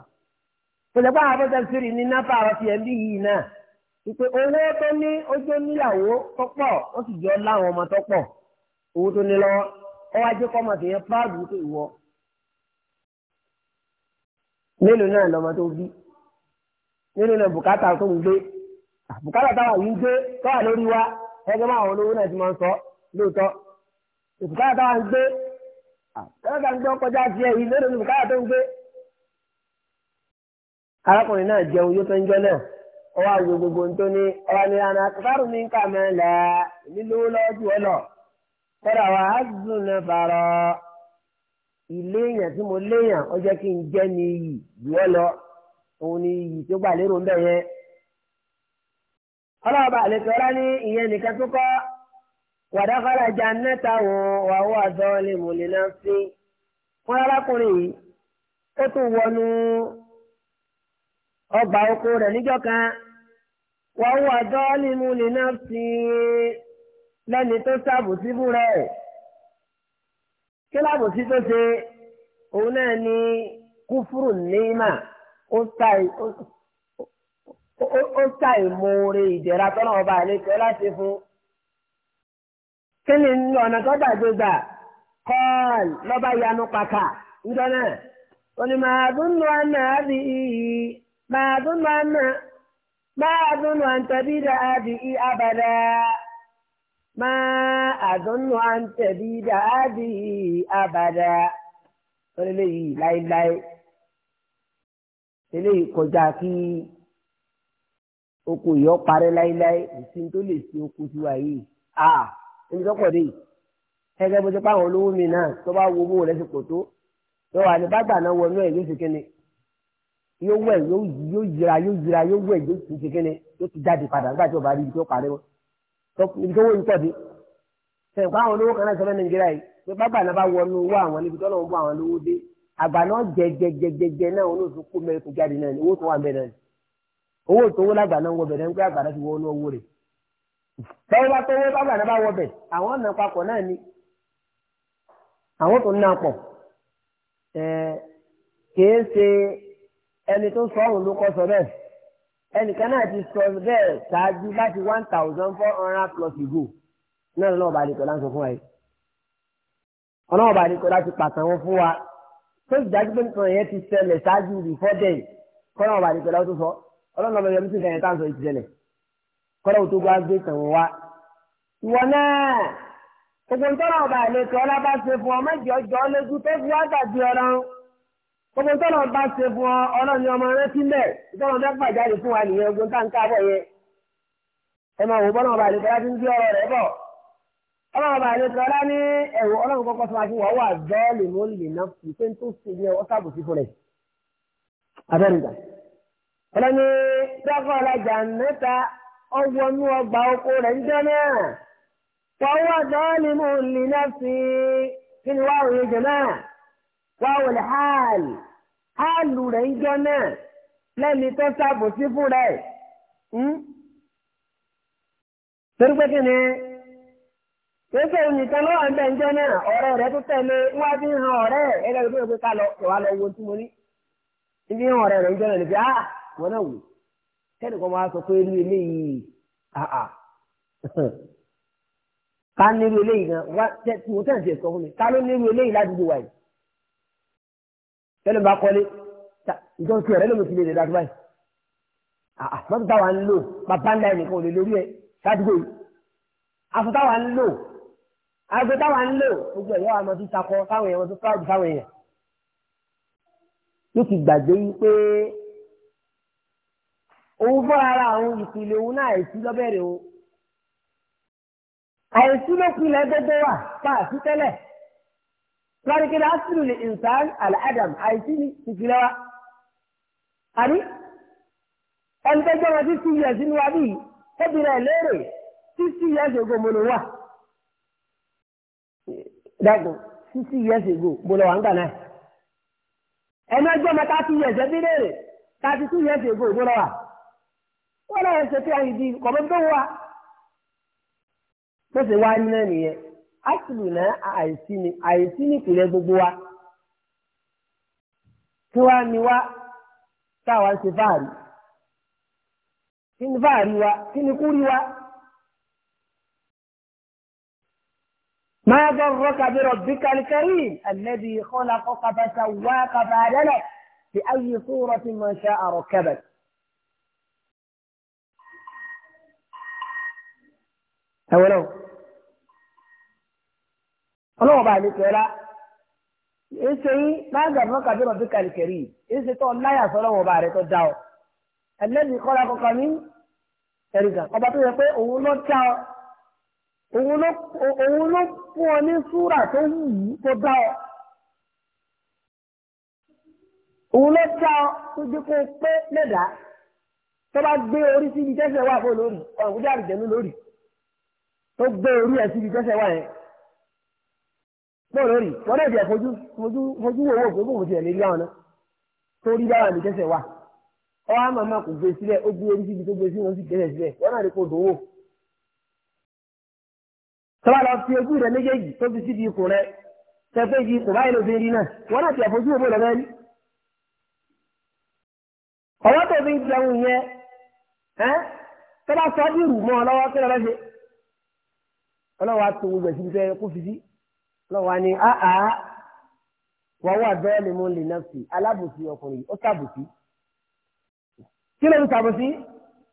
pẹ̀lẹ́ pé àwọn fẹ́ ní náfà àwọn ti ẹbí yìí náà ìpè owó tó ní ojú níyàwó tó pọ̀ ó sì jọ láwọn ọmọ tó pọ̀ owó tó ní lọ́wọ́ ọ wá jẹ́ kọ́mọ fúláàdù nínú ilẹ̀ bùkátà tó ń gbé bùkátà táwọn yìí ń gbé tọ́wà lórí wa ẹgbẹ́ máa wọn olówó náà ti máa ń sọ lóòótọ́ bùkátà ń gbé ń gbé yìí lórí bùkátà tó ń gbé. arákùnrin náà jẹun yóò tó ń jẹ náà ó wá ju gbogbo ń tó ní ọ̀rọ̀ ní ní mẹ́lẹ̀ nílùú ẹ lọ kọ́dà wa á dùn náà òun ni iyì tó gbà lérò ń bẹ̀ yẹn. ọlọ́ọ̀bà àlejò ọlá ní ìyẹn nìkan tó kọ́ wàdákọ́lá jannata wọn wàhùn àdọ́ọ̀lẹ̀ mọ̀lẹ́nà sí i. wọ́n arákùnrin yìí ó tún wọnú ọgbà oko rẹ̀ níjọ́ kan wàhùn àdọ́ọ̀lẹ̀ mọ̀lẹ́nà sí lẹ́ni tó ṣàbùsí fún rẹ̀. kíláàbùsí tó ṣe òun náà ní kúfúrù níímà. ó ṣàì moore ìdẹ̀ra tọ́nà ọba àlejò láti fún. kí ni ọ̀nà tó dàgbé gbà kọ́ọ̀lù lọ́ba yanu pàkà ńjọ ó ní màá dúnnú àná àbí iyì màá dúnnú àná máa dúnnú àǹtẹ̀bí dà àbí i abàdà máa àdúnnú àǹtẹ̀bí dà àbí abàdà. eléyìí kọjá kí oko yìí ó parẹ́ láéláé ìsìn tó lè ṣe oko tiwa yìí a ẹni tó pọ̀ dé yìí gẹ́gẹ́ bó ti pa àwọn olówó mi náà tó bá wo owó rẹ̀ ti pọ̀ tó tó wà ní bàtà náà wọnú ẹ̀ yóò ṣe kíni yóò wẹ̀ yóò yíra yóò yíra yóò wẹ̀ yóò tún ṣe kíni yóò tún jáde padà nígbà tí o bá rí ibi tó parẹ́ mọ́ ibi tó wó yìí pọ̀ dé sẹ̀ǹkọ́ àwọn olówó kan náà sọ fẹ́ Nàìjíríà yìí pé bàbá náà bá wọnú owó àwọn níbi tó lọ́wọ́ bó àwọn olówó dé àgbà náà jẹjẹjẹjẹjẹ náà olóòtú kó mẹ́rin tó jáde náà ni owó tó wà mẹ́rin náà ni owó tó wó lágbà náà ń wọbẹ̀ náà ń pẹ́ àgbà náà ti wọ́ owó rẹ̀ bẹ́ẹ̀ bá tó wó bàgbà náà bá wọbẹ̀ àwọn ọ̀nà papọ̀ náà ni àwọn tó ń nà pọ̀ kìí ṣe ẹni tó sọ ọ̀hún ló kọ́ sọ bẹ́ẹ̀ ẹnìkan náà ti sọ bẹ́ẹ̀ ṣáájú láti one thousand four hundred plus ago náà lọ́wọ́ bá a lè kọ́ láǹsọ fún wa yìí ọlọ́wọ́ bá a lè kọ́ láti pàtàkì fún wa tó sì dájú pé nǹkan yẹn ti ṣẹlẹ̀ ṣáájú before then kọ́nà ọba àdìpẹ̀lá tó sọ ọlọ́run ọba yẹn ti fẹ̀yẹ̀ tá à ń sọ yìí ti ṣẹlẹ̀ kọ́nà òtó gba gbé tàn wá. ìwọ náà gbogbo ntọ́nà ọba àlejò ọlá bá ṣe fún ọ mẹ́jọ jọ lójú tó fi wá dàbí ọlọ́run gbogbo ntọ́nà ọba ṣe fún ọ ọlọ́run ni ọmọ rẹ sílẹ̀ ìtọ́nà dẹ́pà jáde fún wa nìyẹn ogun táǹkà bọ̀ ọba ọlọ́run bá àlejò ọlá ní ẹ̀rọ ọlọ́run kọ́kọ́ tó máa fi wà wà bẹ́ẹ̀lì mọ́ lè ná fi pé tó ṣe ní ọwọ́ sábò sí fúnrẹ̀ abẹ́rùgbà ọlọ́ni tọ́kọ̀ ọ̀làjà mẹ́ta ọwọ́nú ọgbà oko rẹ̀ ń jẹ́ náà fọwọ́ bẹ́ẹ̀lì mọ́ lè ná fi kí ni wàá òye jẹ náà wàá òye hàlì hàlù rẹ̀ ń jọ náà lẹ́ni tó sábò sí fúnrẹ̀ hmm? torí pé kí ni kéèké nìkan ló wà ń bẹ̀ ń jẹ́ náà ọ̀rẹ́ rẹ tó tẹ̀lé wá fi hàn ọ̀rẹ́ ẹgbẹ́ rẹ pé ká lọ wà lọ wo tí mo ní ibi hàn ọ̀rẹ́ rẹ ń jẹ́ náà níbi ah wọn náà wò kẹ́nìkan máa sọ pé irú eléyìí ah ah ká ní irú eléyìí gan wá mo tẹ̀ ń tiẹ̀ sọ fún mi ká ló ní irú eléyìí ládùúgbò wa yìí tẹ́lẹ̀ bá kọ́lé ìjọ ah ah mọ́tò táwa ń lò bàbá ńlá ẹnìkan ò lè lórí ẹ ládùúgbò yìí aago táwa ń lò gbogbo ẹ̀yọ́ àmọ́ tó takọ fáwọn èèyàn tó fáwọn fáwọn èèyàn ló ti gbàgbé wípé òun fọ́ ara òun ìpìlẹ̀ òun náà àìsí lọ́bẹ̀rẹ̀ òun àìsí ló pilẹ̀ gbogbo wa pa àti tẹ́lẹ̀ lọ́dúnkìlá sùn lè ǹsán àlàádàm àìsí ìpìlẹ̀ wa àní ẹni tó jẹ́ wọn tí sí yẹ wa bíi ó bìrẹ̀ léèrè tí sí yẹ wà. dẹ́gun sixty years ago mo wà ń gbà náà ẹni ọjọ́ mọ years léèrè thirty two years ago mo wà wọ́n náà ṣe pé àyè di kọ̀mọ́ tó wà tó ṣe wá ní náà nìyẹn náà àìsí ni àìsí ni gbogbo wa tí wàá ní wá táwa ṣe fáàrí kí ni fáàrí wa kí ni kúrí wa. ما جرك بربك الكريم الذي خلقك فسواك فعدلك بأي صورة ما شاء ركبك أولو أولو بعدك ولا إنسي ما جرك بربك الكريم إنسي تقول لا يا سلام وبارك الدعو الذي خلقك من تريد قبطي يطيق ونطيق òun ló fún ọ ní súrà tó wù ú tó dá ọ òun ló dá ọ tó jẹ kó pé lẹ́dàá tó bá gbé orí síbi tẹ́sẹ̀ wà fún lórí ọ̀rùn jáde jẹ̀nu lórí tó gbé orí ẹ̀ síbi tẹ́sẹ̀ wà yẹn pọ̀ lórí wọ́n lè jẹ́ fojú fojú fojú wo wò gbogbo tiẹ̀ lè rí àwọn náà tó rí báwa ní tẹ́sẹ̀ wà ọ̀ á kò gbé sílẹ̀ ó gbé orí síbi tó gbé sí wọn sì tẹ́sẹ̀ tọ́lá lọ fi ojú rẹ méjèèjì tó fi síbi ikùn rẹ tẹ́fẹ́ yìí kò báyìí lóbi rí náà wọ́n náà ti àfojú òbó lọ́wọ́ rí. ọ̀wọ́ tó fi jẹun yẹn tó bá sọ bí rù mọ́ ọ lọ́wọ́ kí lọ́wọ́ ṣe. ọlọ́wọ́ á tó gbogbo ẹ̀sìn fẹ́ kó fi sí. ọlọ́wọ́ á ní wọ́n wà bẹ́ẹ̀ ni mo lè náà sí alábòsí ọkùnrin ó sàbòsí. kí ló ń sàbòsí?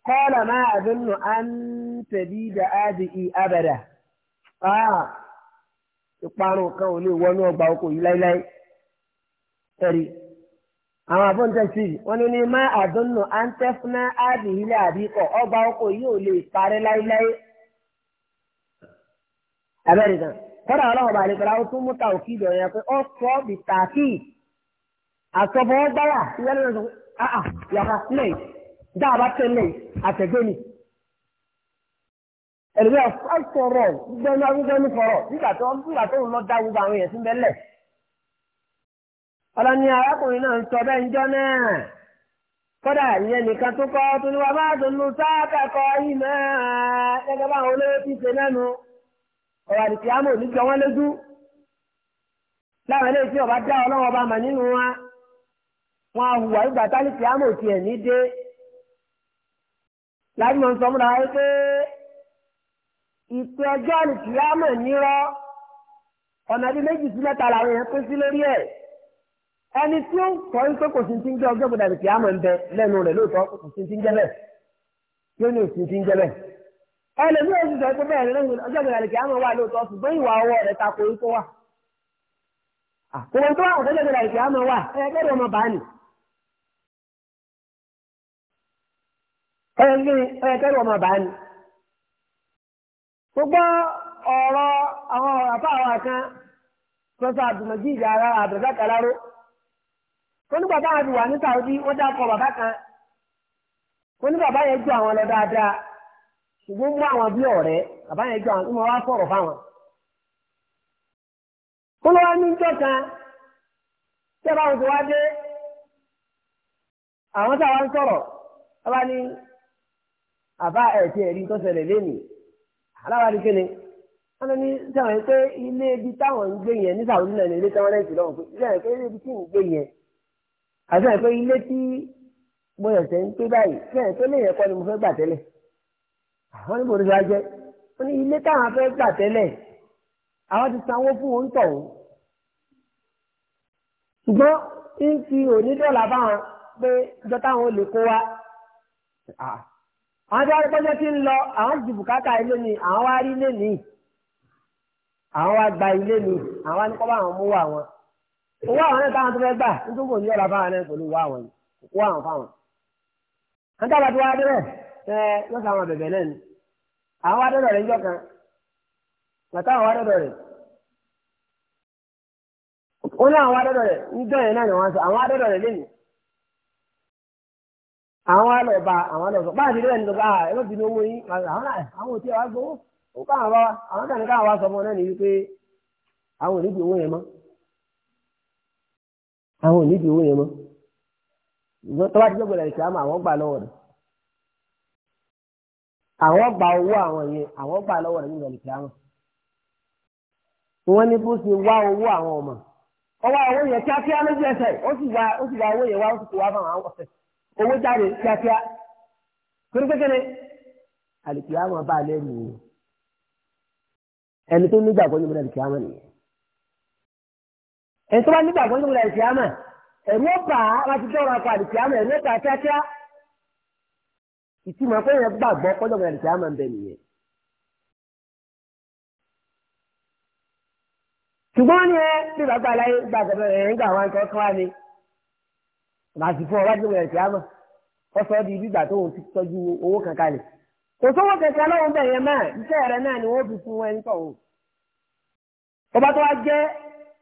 kọ́ọ̀lá máa àdéhùn Ah, ìparun kan ò lè wọnú ọgbà oko yìí láíláí ẹ̀rí àwọn àbọ̀ǹtẹ̀sì wọn ní ní má àdúnnù àǹtẹ̀fúnà àdìhílẹ̀ àdìkọ̀ ọgbà oko yìí ò lè parẹ́ láíláí abẹ́rẹ́ gan kọ́dà ọlọ́run bá lè pẹ̀lú àwọn tó mú ta òkì ìdọ̀ yẹn pé ó sọ bí tààkì àsọfọwọ́gbáyà ìyá ló ń sọ ah ah yàrá lẹ́yìn dáàbá tẹ́lẹ̀ àtẹ̀gbẹ́ni. ẹ̀rọ àsọ̀rọ̀ gbẹ́nu arúgbó ní fọ̀rọ̀ nígbà tó nígbà tó ń lọ dá gbogbo àwọn èèyàn sí bẹ́lẹ̀. ọlọ́ni arákùnrin náà ń sọ bẹ́ẹ̀ ń jọ náà kódà ìyẹn nìkan tó kọ́ tó ní wà bá dùnú sáàkà kọ ìmọ̀ gẹ́gẹ́ bá àwọn olówó ti ṣe lẹ́nu ọba dá ọlọ́wọ́ bá mà nínú wa wọn àhùwà ìgbà tálíkì àmọ́ òtí ẹ̀ ní dé láti ìpè ọjọ́ àlùkìyámọ̀ nírọ́ ọ̀nà bíi méjì sí mẹ́ta làwọn èèyàn pín sí lórí ẹ̀ ẹni tí ó sọ wípé kò sí ti ń jẹ́ ọjọ́ ń bẹ lẹ́nu rẹ̀ lóòótọ́ kò sí ti ń jẹ́ bẹ́ẹ̀ tí ó ní ti ń jẹ́ bẹ́ẹ̀ sọ pé bẹ́ẹ̀ ọjọ́ wà lóòótọ́ ṣùgbọ́n ìwà ọwọ́ rẹ̀ ta kò wà gbogbo ọ̀rọ̀ àwọn ọ̀rọ̀ àpá àwọn kan sọ́sọ́ àdùmọ̀jì ìjà ara àbẹ̀dá kàláró onígbà táwọn ti wà ní Saudi wọ́n dákọ̀ bàbá kan onígbà bàbá yẹn jọ àwọn lọ dáadáa ṣùgbọ́n mú àwọn bí ọ̀rẹ́ bàbá yẹn jọ àwọn ìmọ̀ wá sọ̀rọ̀ fáwọn. olówó níjọ́ kan tí a bá wọn ti wá dé àwọn táwa ń sọ̀rọ̀ bàbá ní àbá ẹ̀ tiẹ̀ rí tó ṣẹlẹ̀ lénìí aláwa ni kíni wọn ní sẹ́wọ̀n pé ilé ibi táwọn ń gbé yẹn ní sàwọn nílẹ̀ ní ilé tí wọ́n lẹ́yìn sí pé sẹ́wọ̀n pé ilé ibi tí ń gbé yẹn àti sẹ́wọ̀n pé ilé tí mo ẹ̀sẹ̀ ń pé báyìí sẹ́wọ̀n pé lè yẹ ni mo fẹ́ gbà tẹ́lẹ̀ àwọn níbo ni wọ́n jẹ́ ní ilé táwọn fẹ́ gbà tẹ́lẹ̀ àwọn ti sanwó fún wọn tọ̀hún ṣùgbọ́n ń fi onídọ́là báwọn pé jọ táwọn olè kó wa àwọn tí wọ́n gbọ́dọ̀ ti ń lọ àwọn jù ilé ni àwọn wá rí ilé ni àwọn wá gba ilé ni àwọn wá ní kọ́ bá àwọn mú wá wọn owó àwọn náà táwọn tó fẹ́ gbà nítorí kò ní ọ̀la fáwọn náà pẹ̀lú owó àwọn yìí owó àwọn fáwọn. wọ́n tábà tí wọ́n á dẹ́rẹ̀ ẹ yóò sọ àwọn bẹ̀bẹ̀ náà ni àwọn wá dọ́dọ̀ rẹ̀ níjọ́ kan bàtà àwọn wá dọ́dọ̀ rẹ̀ ó ní àwọn wá dọ́dọ̀ rẹ̀ níjọ́ yẹn náà ni wọ́n sọ àwọn wá dọ́dọ̀ rẹ̀ lénìí àwọn alọba àwọn alọba bá àti ẹni lọba ah, bínú owó yín àwọn àwọn òtí àwọn agbowó ó bá àwọn káwọn wá sọ fún ọ náà àwọn owó yẹn àwọn owó yẹn ti ìṣẹ́ àmọ́ àwọn gbà lọ́wọ́ rẹ̀ àwọn gba owó àwọn yẹn àwọn gbà lọ́wọ́ rẹ̀ nígbà ìṣẹ́ àmọ́ ní bó ṣe wá owó àwọn ọmọ ọwọ́ owó yẹn kíákíá lójú ẹsẹ̀ ó sì owó yẹn wá ó sì kó wá fáwọn àwọn ọ̀sẹ̀. owó jáde kíákíá torí kékeré àlìkìyàmọ bá lẹ́nu o ẹni tó nígbàgbọ́ níbo àlìkìyàmọ nìyẹn ẹni tó bá nígbàgbọ́ níbo àlìkìyàmọ ẹ̀rú ọ̀bà láti dọ́ra ọkọ̀ àlìkìyàmọ ẹ̀rú ọ̀bà kíákíá ìtumọ̀ pé yẹn gbàgbọ́ kọjọ́ bẹ̀rẹ̀ tí a máa ń bẹ nìyẹn. ṣùgbọ́n ní ẹ bí bàbá aláyé gbàgbọ́ bẹ̀rẹ̀ ń gbà wọn kọ́kọ́ wá ni lásìkò ọ̀wájú rẹ̀ kí á mọ̀ kó sọ di ibi ìgbà tó ń tọ́jú owó kankan lè kò sówó kankan lọ́wọ́ bẹ̀ yẹn náà iṣẹ́ rẹ̀ náà ni wọ́n fi fún ẹni tọ̀hún. ọba tó wá jẹ́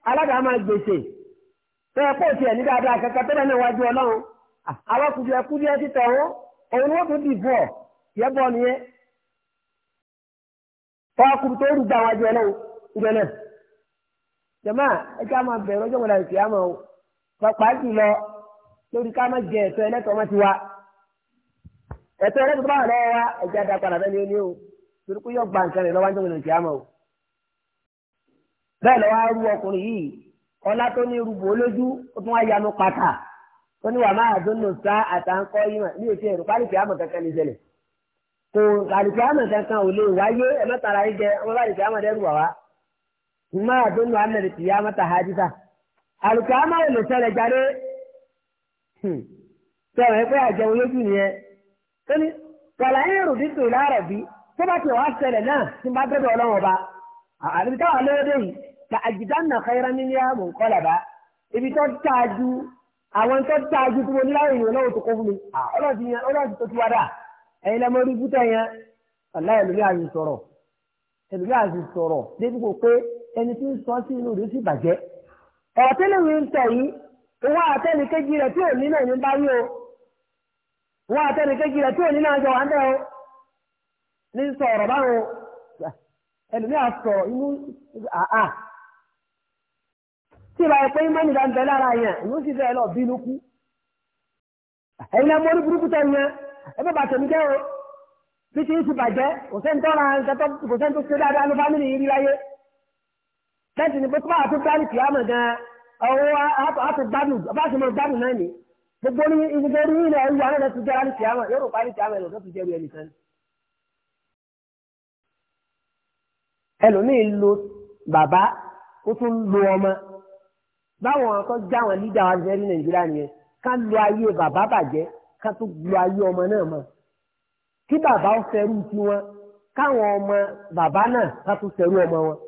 aládàámà gbèsè tó yẹ kó tiẹ̀ ní dáadáa kankan tó dáná wájú ọlọ́run àwọn kùdìẹ̀ kùdìẹ̀ ti tọ̀hún òun ni wọ́n tún dì bọ̀ yẹ bọ̀ nìyẹn. ọkùnrin tó rú gbà wájú ọlọ́run ìjọ náà jẹ̀má ẹ lórí ká má jẹ ẹtọ ẹlẹ́tọ̀ọ́ ma ti wa ẹtọ ẹlẹ́tọ̀ọ́ bá wà lọ́wọ́ wa ẹ̀jẹ̀ àdá padà bẹ́ẹ̀ ni ó ní o torí kó yọ gba nǹkan rẹ̀ lọ́wọ́ ń jẹ́wọ́n o. bẹ́ẹ̀ lọ́wọ́ arú ọkùnrin yìí ọlá tó ní rúbò olójú ó tún wá yanu pàtà tó ní wà máa dúnú sá àtàǹkọ́ yìí ní kankan ní kò kankan ò lè wáyé yìí jẹ ọmọ tọ́ hmm. ẹ pé àjẹun lójú nìyẹn ó ní wàlàyé rùdítù láàrọ̀ bí tó bá ti wá ṣẹlẹ̀ náà tí bá dọ́dọ̀ ọlọ́run ọba àbí táwọn alóyédè yìí ta àjìdánà kẹrẹ nílé àmọ̀ nǹkan làbá ibi tó dáa ju àwọn tó dáa ju tí mo ní láwọn ènìyàn náà tó kó fún mi ọlọ́run tó ti wá dà ẹ̀yin lẹ́mọ orí bútẹ́ yẹn ọ̀la ẹ̀lùmí àyè sọ̀rọ̀ ẹ̀lùmí àyè sọ̀rọ̀ débi kò pé ẹni tí ń sọ sí inú rẹ̀ sì bàjẹ́ ọ̀rọ̀ tẹ́lẹ̀ ń tẹ̀ wọ́n àtẹnìkejì rẹ̀ tí ò ní náà ní bá rí o wọ́n àtẹnìkejì rẹ̀ tí ò ní náà jọ wà ń bẹ́ o ní sọ̀rọ̀ báwọn ẹlòmíà sọ̀rọ̀ inú àá tí ìbá ẹ̀pẹ́ ìmọ̀ nìdá ń bẹ lára yẹn ìlú sì fẹ́ lọ bínú kú ẹ̀yin náà mọ́rí burúkú tẹ̀ yẹn ẹ bá bàtẹ̀ mi jẹ́ o bí ti ń ti bàjẹ́ kò sẹ́ni tó ra kò sẹ́ni tó ṣe dáadáa ní fámìlì yìí ọwọ́ àti gbádùn bá ṣe mọ gbádùn náà ni gbogbo ní ibùdó orí ilẹ̀ ìwà náà ti jẹ́ alìkè àmà yóò pa alìkè àmà ẹ̀lọ́dọ́ ti jẹ́ rí ẹnìkan. ẹlòmíín lo bàbá ó tún lo ọmọ báwọn kan já wọn lídà wa jẹ́ ní nàìjíríà nìyẹn ká lo ayé bàbá bàjẹ́ ká tún lo ayé ọmọ náà mọ̀ kí bàbá ó fẹ́rù tiwọn káwọn ọmọ bàbá náà ká tún fẹ́rù ọmọ wọn.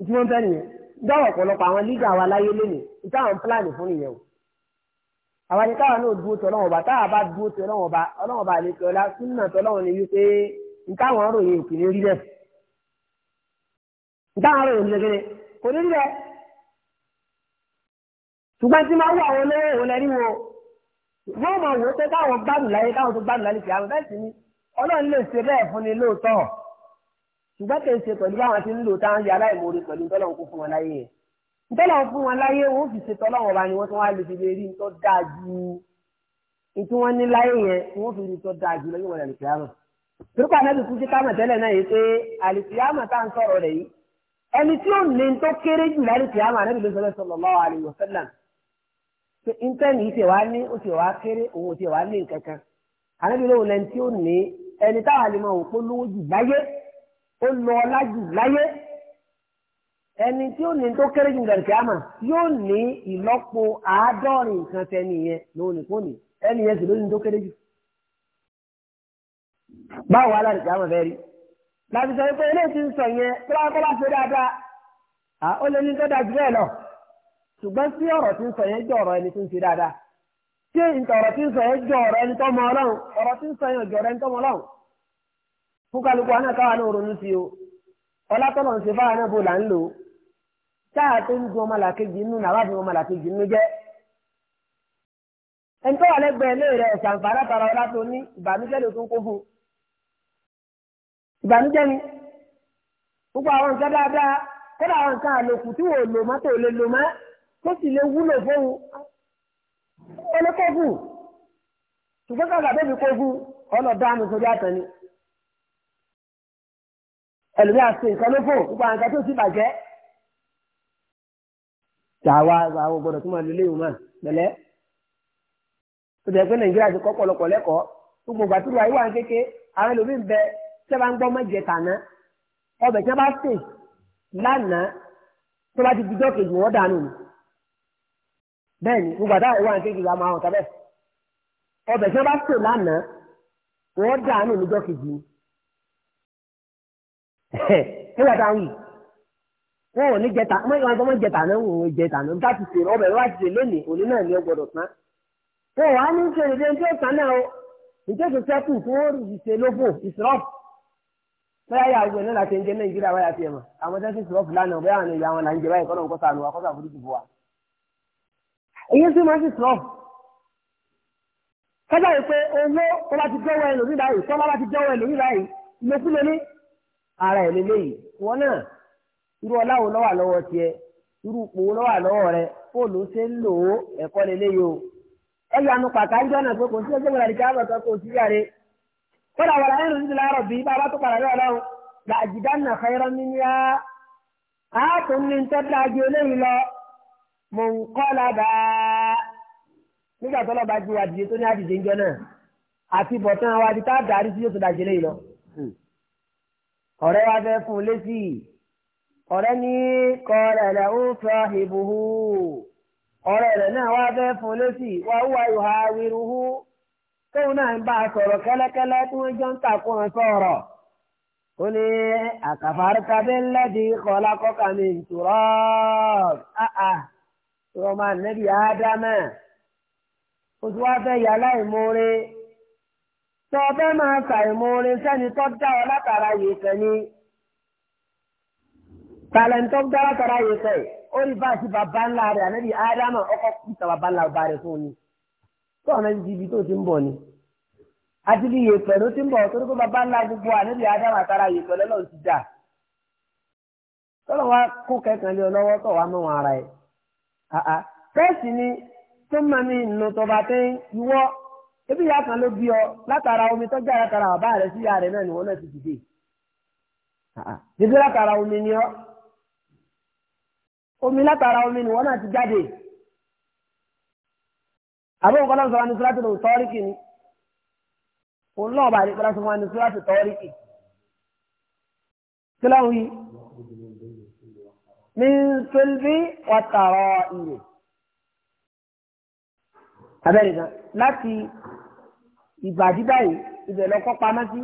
ìtumọ̀ bẹ́ẹ̀ nìyẹn dọ́rọ̀ ọ̀pọ̀lọpọ̀ àwọn lídà wa láyé lónìí ìtàwọn pílánì fún nìyẹn o àwọn anìkáwọn náà dúró tọ lọ́wọ́ba táwa bá dúró tọ lọ́wọ́ba ọlọ́wọ́ba àlejò ọlá súnà tọ lọ́wọ́ ni wípé ìtàwọn ròyìn òkè ní rí bẹ́ẹ̀ ìtàwọn ròyìn òkè ní kò ní rí bẹ́ẹ̀ ṣùgbọ́n tí máa wọ àwọn olówó òun lẹ́rí wọn wọ́n mọ̀ wò ó pé káwọn gbádùn láyé káwọn tó gbádùn láyé kìí àwọn bẹ́ẹ̀ sì ni ọlọ́run lè ṣe bẹ́ẹ̀ fún ni lóòótọ́ ṣùgbọ́n kì í ṣe pẹ̀lú báwọn ti ń lò táwọn ṣe aláìmoore pẹ̀lú tọ́lọ́run kó fún wọn láyé yẹn tọ́lọ́run fún wọn láyé wọn ó fi ṣe tọ́lọ́run ọba ni wọ́n tún wá lè fi lè rí nítọ́ dáa ju ìtú wọn ní láyé yẹn wọn ó fi rí nítọ́ dáa ju lọ́yìn wọn àlùkìyàmọ̀ torí pa anábì kúkí kámọ̀ tẹ́lẹ̀ náà yìí pé àlùkìyàmọ̀ tá à ń sọ̀rọ̀ rẹ̀ yìí ẹni tí ó ní tó kéré jù lálùkìyàmọ̀ anábì sallallahu alaihi wasallam pé íńtẹ́ẹ̀nì yìí tiẹ̀ wá ní ó tiẹ̀ wá kéré òun tiẹ̀ wá ní nǹkan ẹni táwọn àlè máa wò pé lówó jù láyé ó lọ ọlájù láyé ẹni tí ó ní tó kéré jù lẹ́rìkẹ́ àmà yóò ní ìlọ́po àádọ́rin nǹkan tẹ́ni yẹn lóun nìkan ẹni yẹn sì ló tó kéré jù. báwo alárìkẹ́ àmà fẹ́ rí láti sọ pé eléyìí ti ń sọ yẹn tó ṣe dáadáa ó lé ní tó dájú bẹ́ẹ̀ lọ ṣùgbọ́n sí ọ̀rọ̀ tí fún kálukú àná káwa náà ronú sí o ọlá tọ́lọ̀ ń ṣe fáwa náà bó là ń lò táà tó ń gun ọmọ làkejì nínú nàwa bí ọmọ làkejì nínú jẹ́ ẹni tó wà lẹ́gbẹ̀ẹ́ ilé rẹ̀ ṣàǹfààní àtàrà ọlá tó ní ìbànújẹ́ ló tún kó fún un ìbànújẹ́ ni gbogbo àwọn nǹkan dáadáa kódà àwọn nǹkan àlòkù tí wò lò mọ́ tó lè lò mọ́ tó sì lè wúlò fóun ó lè kó fún un ṣùgbọ́n kàkà bébí kó fún un ọlọ́dọ̀ ẹlòmí àti nǹkan ló fò gbogbo àwọn nǹkan tó sì bàjẹ́. tàwa àwọn gbọdọ̀ tó máa lo léwu mà pẹ̀lẹ́. ó jẹ́ pé nàìjíríà ti kọ́ pọ̀lọpọ̀ lẹ́kọ̀ọ́ gbogbo ìgbà tó lu àyíwá kéke àwọn ẹlòmí ń bẹ sẹ́wà ń gbọ́ mọ́jẹ tàná ọbẹ̀ tí wọ́n bá sè lánàá tó bá ti di jọ́ kejì wọ́n dànù. bẹ́ẹ̀ni gbogbo àtàwọn àyíwá kéke la máa hàn tábẹ́ ọbẹ̀ tí wọ́n bá sè lánàá wọ́n dànù níjọ́ kejì ni nígbà tá a wù wọn ò ní jẹta wọn ò ní jẹta náà wọn ò jẹta náà bá ti ṣe ọbẹ̀ wá ti ṣe lónìí òní náà ni ó gbọdọ̀ tán wọn ò wá ní ṣe ìdílé tí ó tán náà o ìjọ tó sẹ́kù tó ń ṣe lóbò ìṣọ́ọ̀bù bẹ́ẹ̀ yà gbogbo náà láti ń jẹ nàìjíríà wáyà tiẹ̀ mọ̀ àwọn tẹ́sí ìṣọ́ọ̀bù lánàá bẹ́ẹ̀ àwọn ìyá wọn là ń jẹ báyìí kọ́nà ń kọ́ sànù wa kọ́sà fúdùkù bọ̀ wa. èyí sì máa ń ṣe ìṣọ́ọ̀bù kọ́sà yìí pé owó tó bá ti jẹ́wọ́ ẹ̀ lórí báyìí tọ́lá bá ti jẹ́wọ́ ẹ̀ lórí báyìí ìlòkulè ní ara ẹ̀ lélẹ́yìí wọn náà irú ọlá wo ló wà lọ́wọ́ tiẹ̀ irú ipò wo ló wà lọ́wọ́ rẹ fóònù ṣe ń lò ó o ẹ yanu pàtàkì ìjọ náà pé kò sí ẹgbẹ́ ìrìnàjò kò sí yàrá a bá tó padà lọ́wọ́ lọ́wọ́ làjìdánà xẹ́rọ́ níyà á tún ní tó dájú eléyìí lọ mò ń kọ́ nígbà tó lọ́ba ju tó ní lọ. ọ̀rẹ́ wa fẹ́ fún un létí ọ̀rẹ́ ní kọ́ọ̀rẹ́ rẹ̀ ó sọ ìbùhù ọ̀rẹ́ rẹ̀ náà wá fẹ́ fún un létí wà wúwa ìhà wíruhu tóun náà ń bá a sọ̀rọ̀ kẹ́lẹ́kẹ́lẹ́ tí wọ́n jọ ń takùn sọ̀rọ̀ ó ní àkàfàríkà bí ńlẹ́dì kọ́kà mi ìtura áà ọmọ ànẹ́bí ádámà ó ti wá fẹ́ yàrá ìmoore tó o fẹ́ máa ṣàìmoore sẹ́ni tó dá ọ látara yèèfẹ̀ ni tàlẹ́ntọ́ dá látara yèèfẹ̀ ó rí bá àti bàbá ńlá rẹ̀ ànábì ádámà ọkọ̀ kúta bàbá ńlá ọba rẹ̀ fún ni tó ọ̀nà ibi tó ti ń bọ̀ ni àti bí yèèfẹ̀ ló ti ń bọ̀ torí pé bàbá ńlá gbogbo ànábì ádámà tara yèèfẹ̀ lọ́lọ́run ti dà tọ́lọ̀ wa kó kẹ́kàn lé ọ lọ́wọ́ tọ̀ mọ́ wọn ara ẹ̀ fẹ́ẹ̀sì ni tó máa ebi ya kan ló bí ọ látara omi tọ́jú àyàtara bàbá rẹ sí ìyá rẹ náà ni wọn náà ti dìde dídí látara omi ni ọ omi látara omi ni wọn náà ti jáde àbí òun kọ́ náà sọ wọn ní síláàtì lòun tọ́ríkì ni òun náà bá rí pẹ́lá sọ wọn ní síláàtì tọ́ríkì kí yìí ní sèlbí wàtàrọ ìrè abẹ́rẹ́ náà láti ìgbàdí báyìí ibẹ̀ lọ kọ́ pamọ́ sí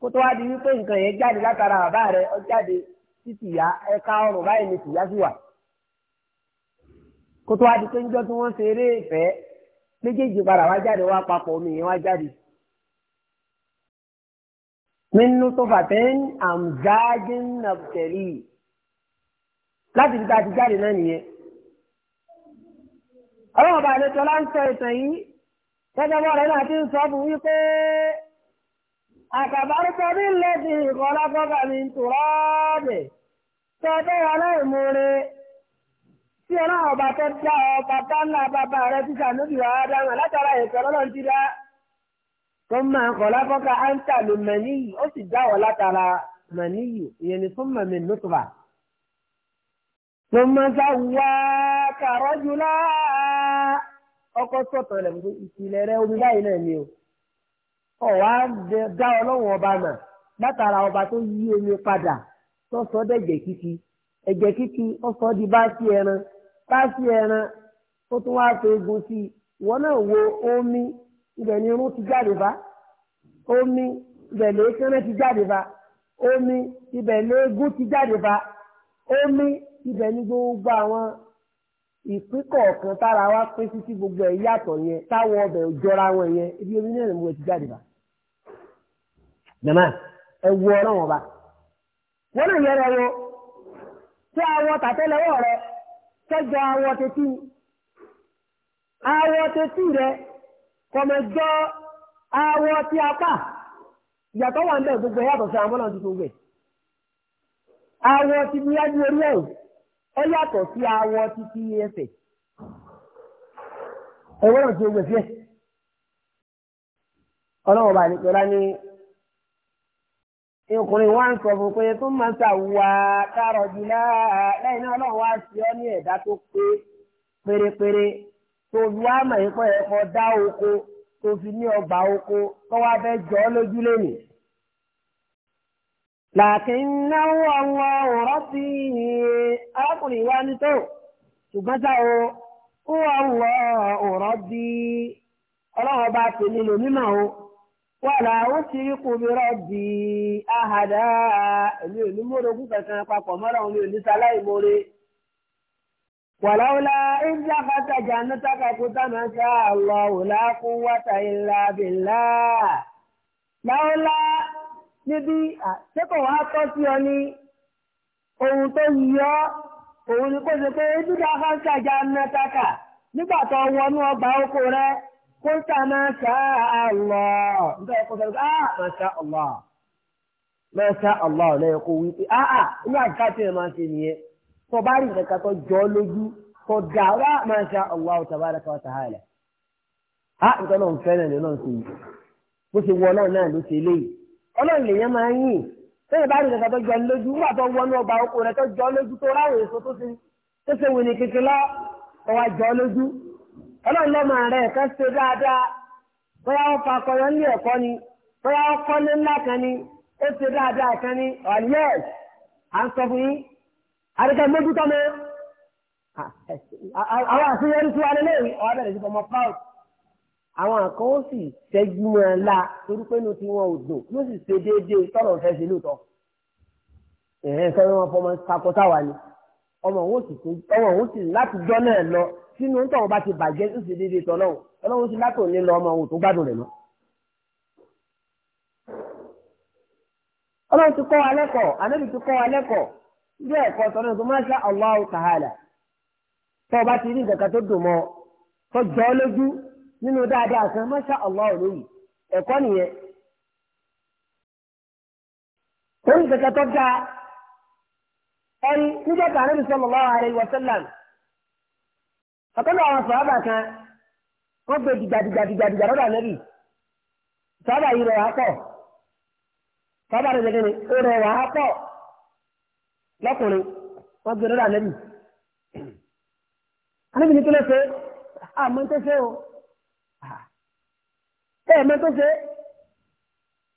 kó tó wá di wípé nǹkan yẹn jáde látara bàbá rẹ ọ jáde títì yá ẹ̀ka ọrùn báyìí ni tìyá sí wà kó tó wá di pé níjọ́ tí wọ́n ṣe eré ìfẹ́ méjèèjì padà wá jáde wá papọ̀ omi yẹn wá jáde. nínú tó fàtẹ́ń àmgájín nàbùtẹ̀lì láti fi ta ti jáde náà nìyẹn. ọlọ́run bá a lè ń sọ ìtàn yìí. Gẹ́gẹ́bọ́ rẹ̀ náà ti ń sọ fún wípé àkàbárúkọ bí lẹ́bi ìkọlákọ́gà mi ń tòrọ́ọ̀dẹ̀ tó bẹ́ẹ̀ aláìmoore tí ọlọ́run ọba tó dá ọ bàbá ńlá bàbá rẹ ti sànúbì wá dáhùn látara ètò ọlọ́run ti dá tó máa ń kọlákọ́gà áńtà ló mẹ́níyì ó sì dá ọ látara mẹ́níyì ìyẹn ni fún mẹ́mí nùtùbà. tó máa ń wá kàrọ́jù náà ọkọ sọ̀tàn rẹ̀ pé ìpìlẹ̀ rẹ omi báyìí náà ni o ọ̀wá dá ọlọ́run ọba mà látara ọba tó yí omi padà tó sọ dẹ̀jẹ̀ kíkí ẹ̀jẹ̀ kíkí ó di bá sí ẹran bá sí ẹran ó tún wáá fi egun sí i náà wo omi ibẹ̀ ni irun ti jáde bá omi ibẹ̀ lè kẹ́rẹ́ ti jáde bá omi ibẹ̀ lè gún ti jáde bá omi ibẹ̀ ni gbogbo àwọn ìpín kọ̀ọ̀kan tára wa pé títí gbogbo ẹ̀ yàtọ̀ yẹn táwọn ọbẹ̀ òjọra wọn yẹn ibi omi náà mo ti jáde bá. Nàmá ẹ wo ọ̀rọ̀ wọn bá. Wọ́n náà yẹra wo tí àwọn tàtẹ́lẹwọ́ rẹ kẹjọ àwọn tètè àwọn tètè rẹ kọmẹjọ àwọn tí apá ìyàtọ̀ wà ń bẹ̀ gbogbo ẹ̀ yàtọ̀ sí àwọn náà ti gbogbo ẹ̀. ti bí wájú orí ẹ̀ ó yàtọ̀ sí awọ títí ẹsẹ̀ ẹ̀wọ́n náà ti gbogbo ẹ̀fẹ́ ọlọ́run bá ní pẹ̀lá ní ọkùnrin wa ń sọ fún pé tó máa ń ṣàwùwà kárọ̀ jù náà lẹ́yìn náà ọlọ́run wá sí ọ ní ẹ̀dá tó pé pérépéré tó lu àmọ̀ ìpọ̀ ẹ̀kọ́ dá oko tó fi ní ọgbà oko tó wá fẹ́ jọ ọ́ lójú lónìí. làkínnáwó àwọn ọ̀rọ̀ sí ni arákùnrin wa ní tó ṣùgbọ́n tá o ó àwọn ọ̀rọ̀ bí ọlọ́wọ́ bá tèmi lòmí o wà ó ti rí kùmírọ̀ bí ahàdá èmi ò ní mórogún kankan papọ̀ mọ́ra mi ò ní sáláì mórè. ولولا إذ دخلت جنتك قلت ما شاء الله لا níbi àṣekọ̀ wá tọ́ sí ọ ní ohun tó yọ òun ni kó ṣe pé dídá fáńkà já mẹ́tàkà nígbà tó wọnú ọgbà oko rẹ kó sàmà ṣá àlọ́ nígbà ah, ah, ah, tó bá rí tó jọ lójú tó nǹkan náà ń lónà bó ọlọ́run lèèyàn máa ń yìn sẹ́yìn bá rí nǹkan tó jẹun lójú nígbà tó wọnú ọba oko rẹ tó jọ lójú tó ráwọ̀ èso tó ṣe tó ṣe wìnì kékeré lọ ọwọ́ jọ lójú ọlọ́run lọ́mọ rẹ̀ kan ṣe dáadáa bóyá wọ́n fa akọyọ ní ẹ̀kọ́ ni bóyá wọ́n kọ́lé ńlá kan ni ó ṣe dáadáa kan ni ọ̀lẹ́ à ń sọ fún yín àdìgbà mójútọ́ mọ́ àwọn àṣeyọrí tí wà lélẹ́yìn ọ̀ àwọn kan ó sì ṣẹ́jú wọn la torí pé inú tí wọn ò dùn yóò sì ṣe déédéé tọ́lọ̀ fẹ́ ṣe lóòótọ́ ẹ̀hẹ́n fẹ́ wọn fọmọ sakọ táwa ni ọmọ òun sì tún ọmọ òun sì láti jọ náà lọ sínú ń tọ̀wọ́ bá ti bàjẹ́ ó sì déédéé tọ́lọ́hùn ọlọ́run sì látò ní lọ ọmọ òun tó gbádùn rẹ̀ lọ. ọlọ́run ti kọ́ wa lẹ́kọ̀ọ́ ànábì ti kọ́ wa lẹ́kọ̀ọ́ ilé ẹ̀kọ́ tọ́lọ́run tó tọ́ nínú dáadáa kan allah olóyè ẹ̀kọ́ nìyẹn. Orí kẹ̀kẹ́ tó dáa ẹni níjọ́ kan níbi sallallahu alaihi wa sallam. Àkọ́lọ́ àwọn sọ̀rọ̀ kan wọ́n gbé dìgbàdìgbàdìgbà lọ́dọ̀ àlẹ́bì. Sọ̀rọ̀ yìí rẹ̀ wá pọ̀. Sọ̀rọ̀ rẹ̀ lẹ́gẹ̀rẹ̀ ó rẹ̀ wá pọ̀. Lọ́kùnrin wọ́n gbé lọ́dọ̀ àlẹ́bì. ní kí ló ṣe? o. ẹ̀ẹ̀mẹ́ tó ṣe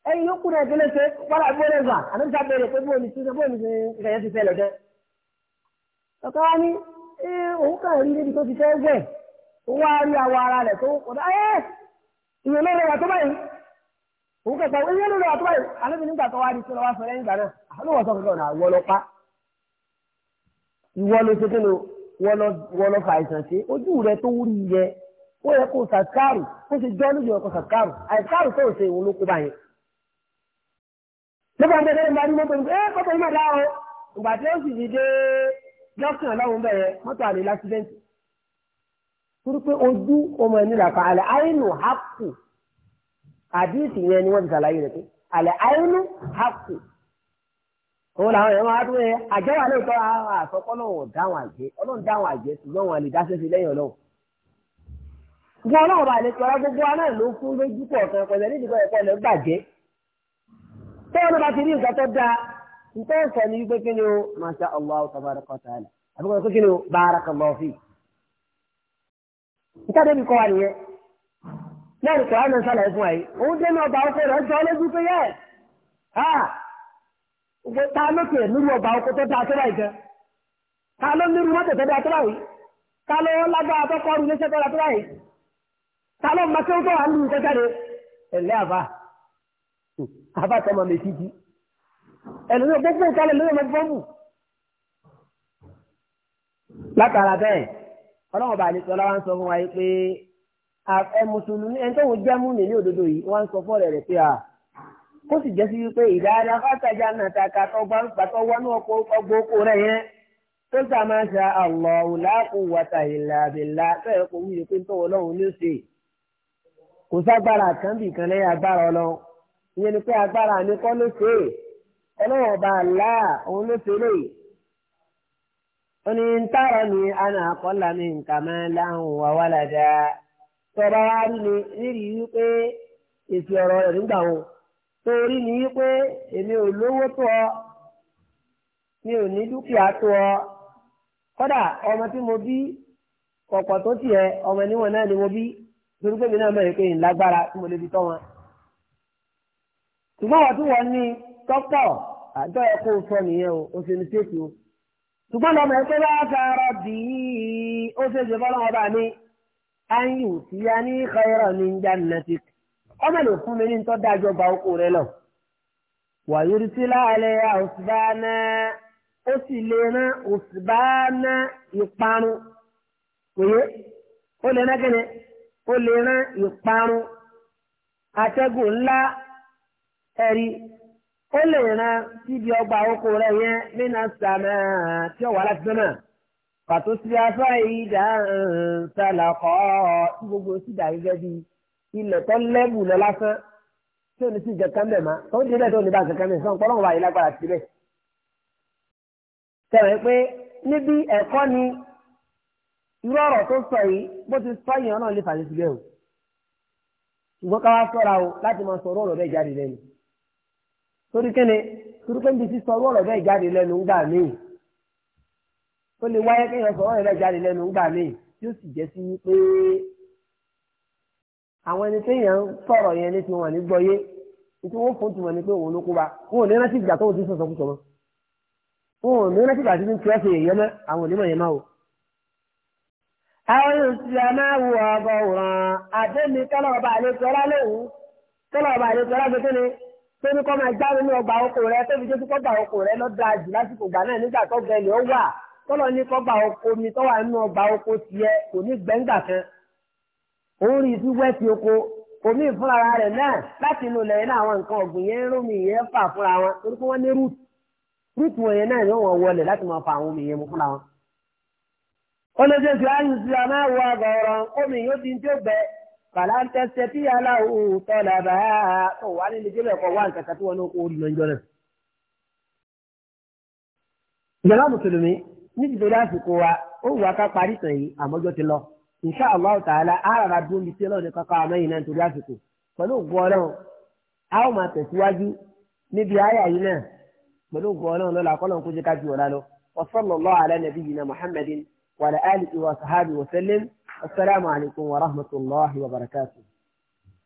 ẹ̀yin yóò kúrò ẹ̀dínlẹ̀ ṣe wọ́n àgbo rẹ̀ gbà àdéhùnsá béèrè pé bóyá omi bóyá omi ti ti fẹ́ lọ́dẹ. ọ̀kan wa ní òun kàn rí níbi tó ti fẹ́ wá rí ara rẹ̀ tó kọ̀dá ẹ̀ tó báyìí òun kẹta tó báyìí nígbà tó wá tó sọ ó yẹ kó sàkárù ó ti jọ́ níbi ọkọ̀ sàkárù àìsàkárù tó ṣe ìwò ló kó báyìí. nígbà tó dé ìgbà ní mọ́tò ní ẹ́ kọ́tọ̀ yìí máa dá o ìgbà tí ó sì ti dé jọ́sìn ọlọ́run bẹ̀rẹ̀ mọ́tò àlè lásìdẹ́ǹtì. torí pé ojú ọmọ ẹni làkà àlẹ́ àìnù hapù àdìsí yẹn ni wọ́n ti ṣàlàyé rẹ̀ pé àlẹ́ àìnù hapù. òun làwọn èèyàn máa dúró yẹn àjẹ́wà lóòótọ́ àwọn àsọkọ́ gbọ́n náà bá lè gbogbo wa ló kún lójú pọ̀ kan pẹ̀lú ẹni ẹ̀kọ́ tọ́wọ́n bá ti rí nǹkan tó dáa nǹkan sọ ní wípé kí ni o allah àbúkọ̀ kí ni o fi. nǹkan débi kọ́ wa nìyẹn náà náà fún ọkọ ọkọ tó ta ló ma kéwọ́n tó wà nínú kẹ́kẹ́ rẹ̀ ẹ̀lẹ́ àbá hmm, àbá tó ma mèsì jí ẹ̀lẹ́ gbogbo ìkálẹ̀ lórí ọmọ fọ́ọ̀mù látara bẹ́ẹ̀ ọlọ́run bá ní sọlá wa ń sọ fún wa yìí pé ẹ mùsùlùmí ẹni tó ń jẹ́ mú ní òdodo yìí wọ́n ń sọ fọ́ọ̀rẹ̀ rẹ̀ pé a kó sì jẹ́ sí wípé ìdáadáa fàtàjà nàtàkà tọgbàtọ̀ wọnú ọkọ̀ oko rẹ̀ yẹn tó sàmáṣà àlọ́ òlà kò wàtà ìlà kò wúyẹ pé ń tọ́wọ́ lọ́hùn ní ó yìí. kò ságbára kan bì kan lẹ́yìn agbára ọlọ́run ìyẹn ni pé agbára mi kọ́ ló ṣe é ọlọ́run a àlá òun ló ṣe lè ó ní ni àná máa láhùn wá wá tọ́ba rí wípé ni wípé èmi ò lówó tó ọ mi ò ní torí pé mi náà mọ̀ pé ìlágbára tí mo lè fi tọ́ wọn. ṣùgbọ́n wà tí wọ́n ní tọ́pọ̀ àjọ ẹ̀kọ́ sọ nìyẹn o ó ṣe ní ṣéèkì o. ṣùgbọ́n lọ́mọ ẹ̀ pé bá fara bì í ó ṣe ṣe fọ́lọ́wọ́ bá mi áyù tí a ní kọ́rọ̀ ní jannati. ọmọ lè fún mi ní tọ́ dájọ́ gba oko rẹ lọ. wàyúrí sí láàlẹ́ àùsùbáná ó sì lè rán àùsùbáná ìparun. òye ó lè rán kẹ́ni ó lè rán ìparun atẹ́gùn ńlá ẹ̀rí ó lè rán síbi ọgbà oko rẹ̀ yẹn nínú sàmà tí ó wà láti sọ́nà pàtó sí afá ìdá ṣàlàkọ́ eh, tí gbogbo sídà gẹ́gẹ́ bí ilẹ̀ tó lẹ́bù lọ lásán tí ò ní sí ìjẹ̀kan bẹ̀ má tó ń di bẹ́ẹ̀ tó ní bá ìjẹ̀kan bẹ̀ sọ́n pọ́nlọ́wọ́ báyìí lágbára síbẹ̀. sọ̀rọ̀ pé níbi ẹ̀kọ́ ni irú ọ̀rọ̀ tó sọ yìí bó ti sọ yìí náà lè fàyè síbẹ̀ o ṣùgbọ́n ká wá sọ́ra o láti máa sọ̀rọ̀ ọ̀rọ̀ bẹ́ẹ̀ jáde lẹ́nu torí kẹ́ni torí kẹ́ni ti sọ̀rọ̀ ọ̀rọ̀ bẹ́ẹ̀ jáde lẹ́nu ńgbà míì ó lè wáyé kéèyàn sọ̀rọ̀ ọ̀rọ̀ bẹ́ẹ̀ jáde lẹ́nu ńgbà míì yóò sì jẹ́ sí pé àwọn ẹni téèyàn ń sọ̀rọ̀ yẹn ní tiwọn ní gbọ́yé nítorí wọ́n fún tiwọn ni pé òun ló kó wa wọn ò ní rántí ìgbà tó wọn ti sọ̀sọ̀ kú sọ̀rọ̀ wọn ò ní rántí ìgbà tó ti ń tẹ́ ẹ̀sìn èèyàn àwọn ìsìlámà wù ọgọ wùràn àdéhùn kọlọ́ọ̀bà àlejò ọlá lòun kọlọ́ọ̀bà àlejò ọlá gbẹgbẹ́ ni tó ní kọ́ máa jáde ní ọgbà oko rẹ tó fi dé kọ́ gbà oko rẹ lọ́dọ̀ àjù lásìkò ìgbà náà nígbà tó gbẹlẹ̀ ó wà kọ́lọ́ ní kọ́ gbà oko mi tó wà nínú ọgbà oko tiẹ̀ kò ní gbẹ́ngbà kan òun rí sí wẹ́ẹ̀sì oko omi ìfúnra rẹ̀ náà láti inú ilẹ̀ náà àwọn nǹkan ọ̀gbìn yẹn ń rómi yẹn fà fúnra wọn torí pé wọ́n ní rúùtù rúùtù wọn yẹn náà ni wọ́n wọlé láti máa fa àwọn omi yẹn mu fúnra wọn ọ̀nà tí ti ayù sí a máa wọ àgọ̀ràn omi yóò di tí ó bẹ kàláńtẹ́sẹ̀ tí aláwo tọ́lá bá tó wà nínú ìjọba ẹ̀kọ́ wà nǹkan tí wọn ní kó rí lọ́jọ́ náà. ìjọba mùsùlùmí ní ìdílé àsìkò wa ó wù wá ká parí sàn yìí àmọ́jọ́ ti lọ insha Allah ta'ala àràrà dúró ní tí ọlọ́run kankan àmọ́yìn náà nítorí àsìkò pẹ̀lú ògùn ọlọ́run a ó máa tẹ̀síwájú níbi àyà yìí náà pẹ̀lú ògùn ọlọ́run lọ́la kọ́lọ́n kó jẹ́ ká ju ọ̀la lọ wa sallallahu ala nabiyyina Muhammadin وعلى آله وصحبه وسلم السلام عليكم ورحمة الله وبركاته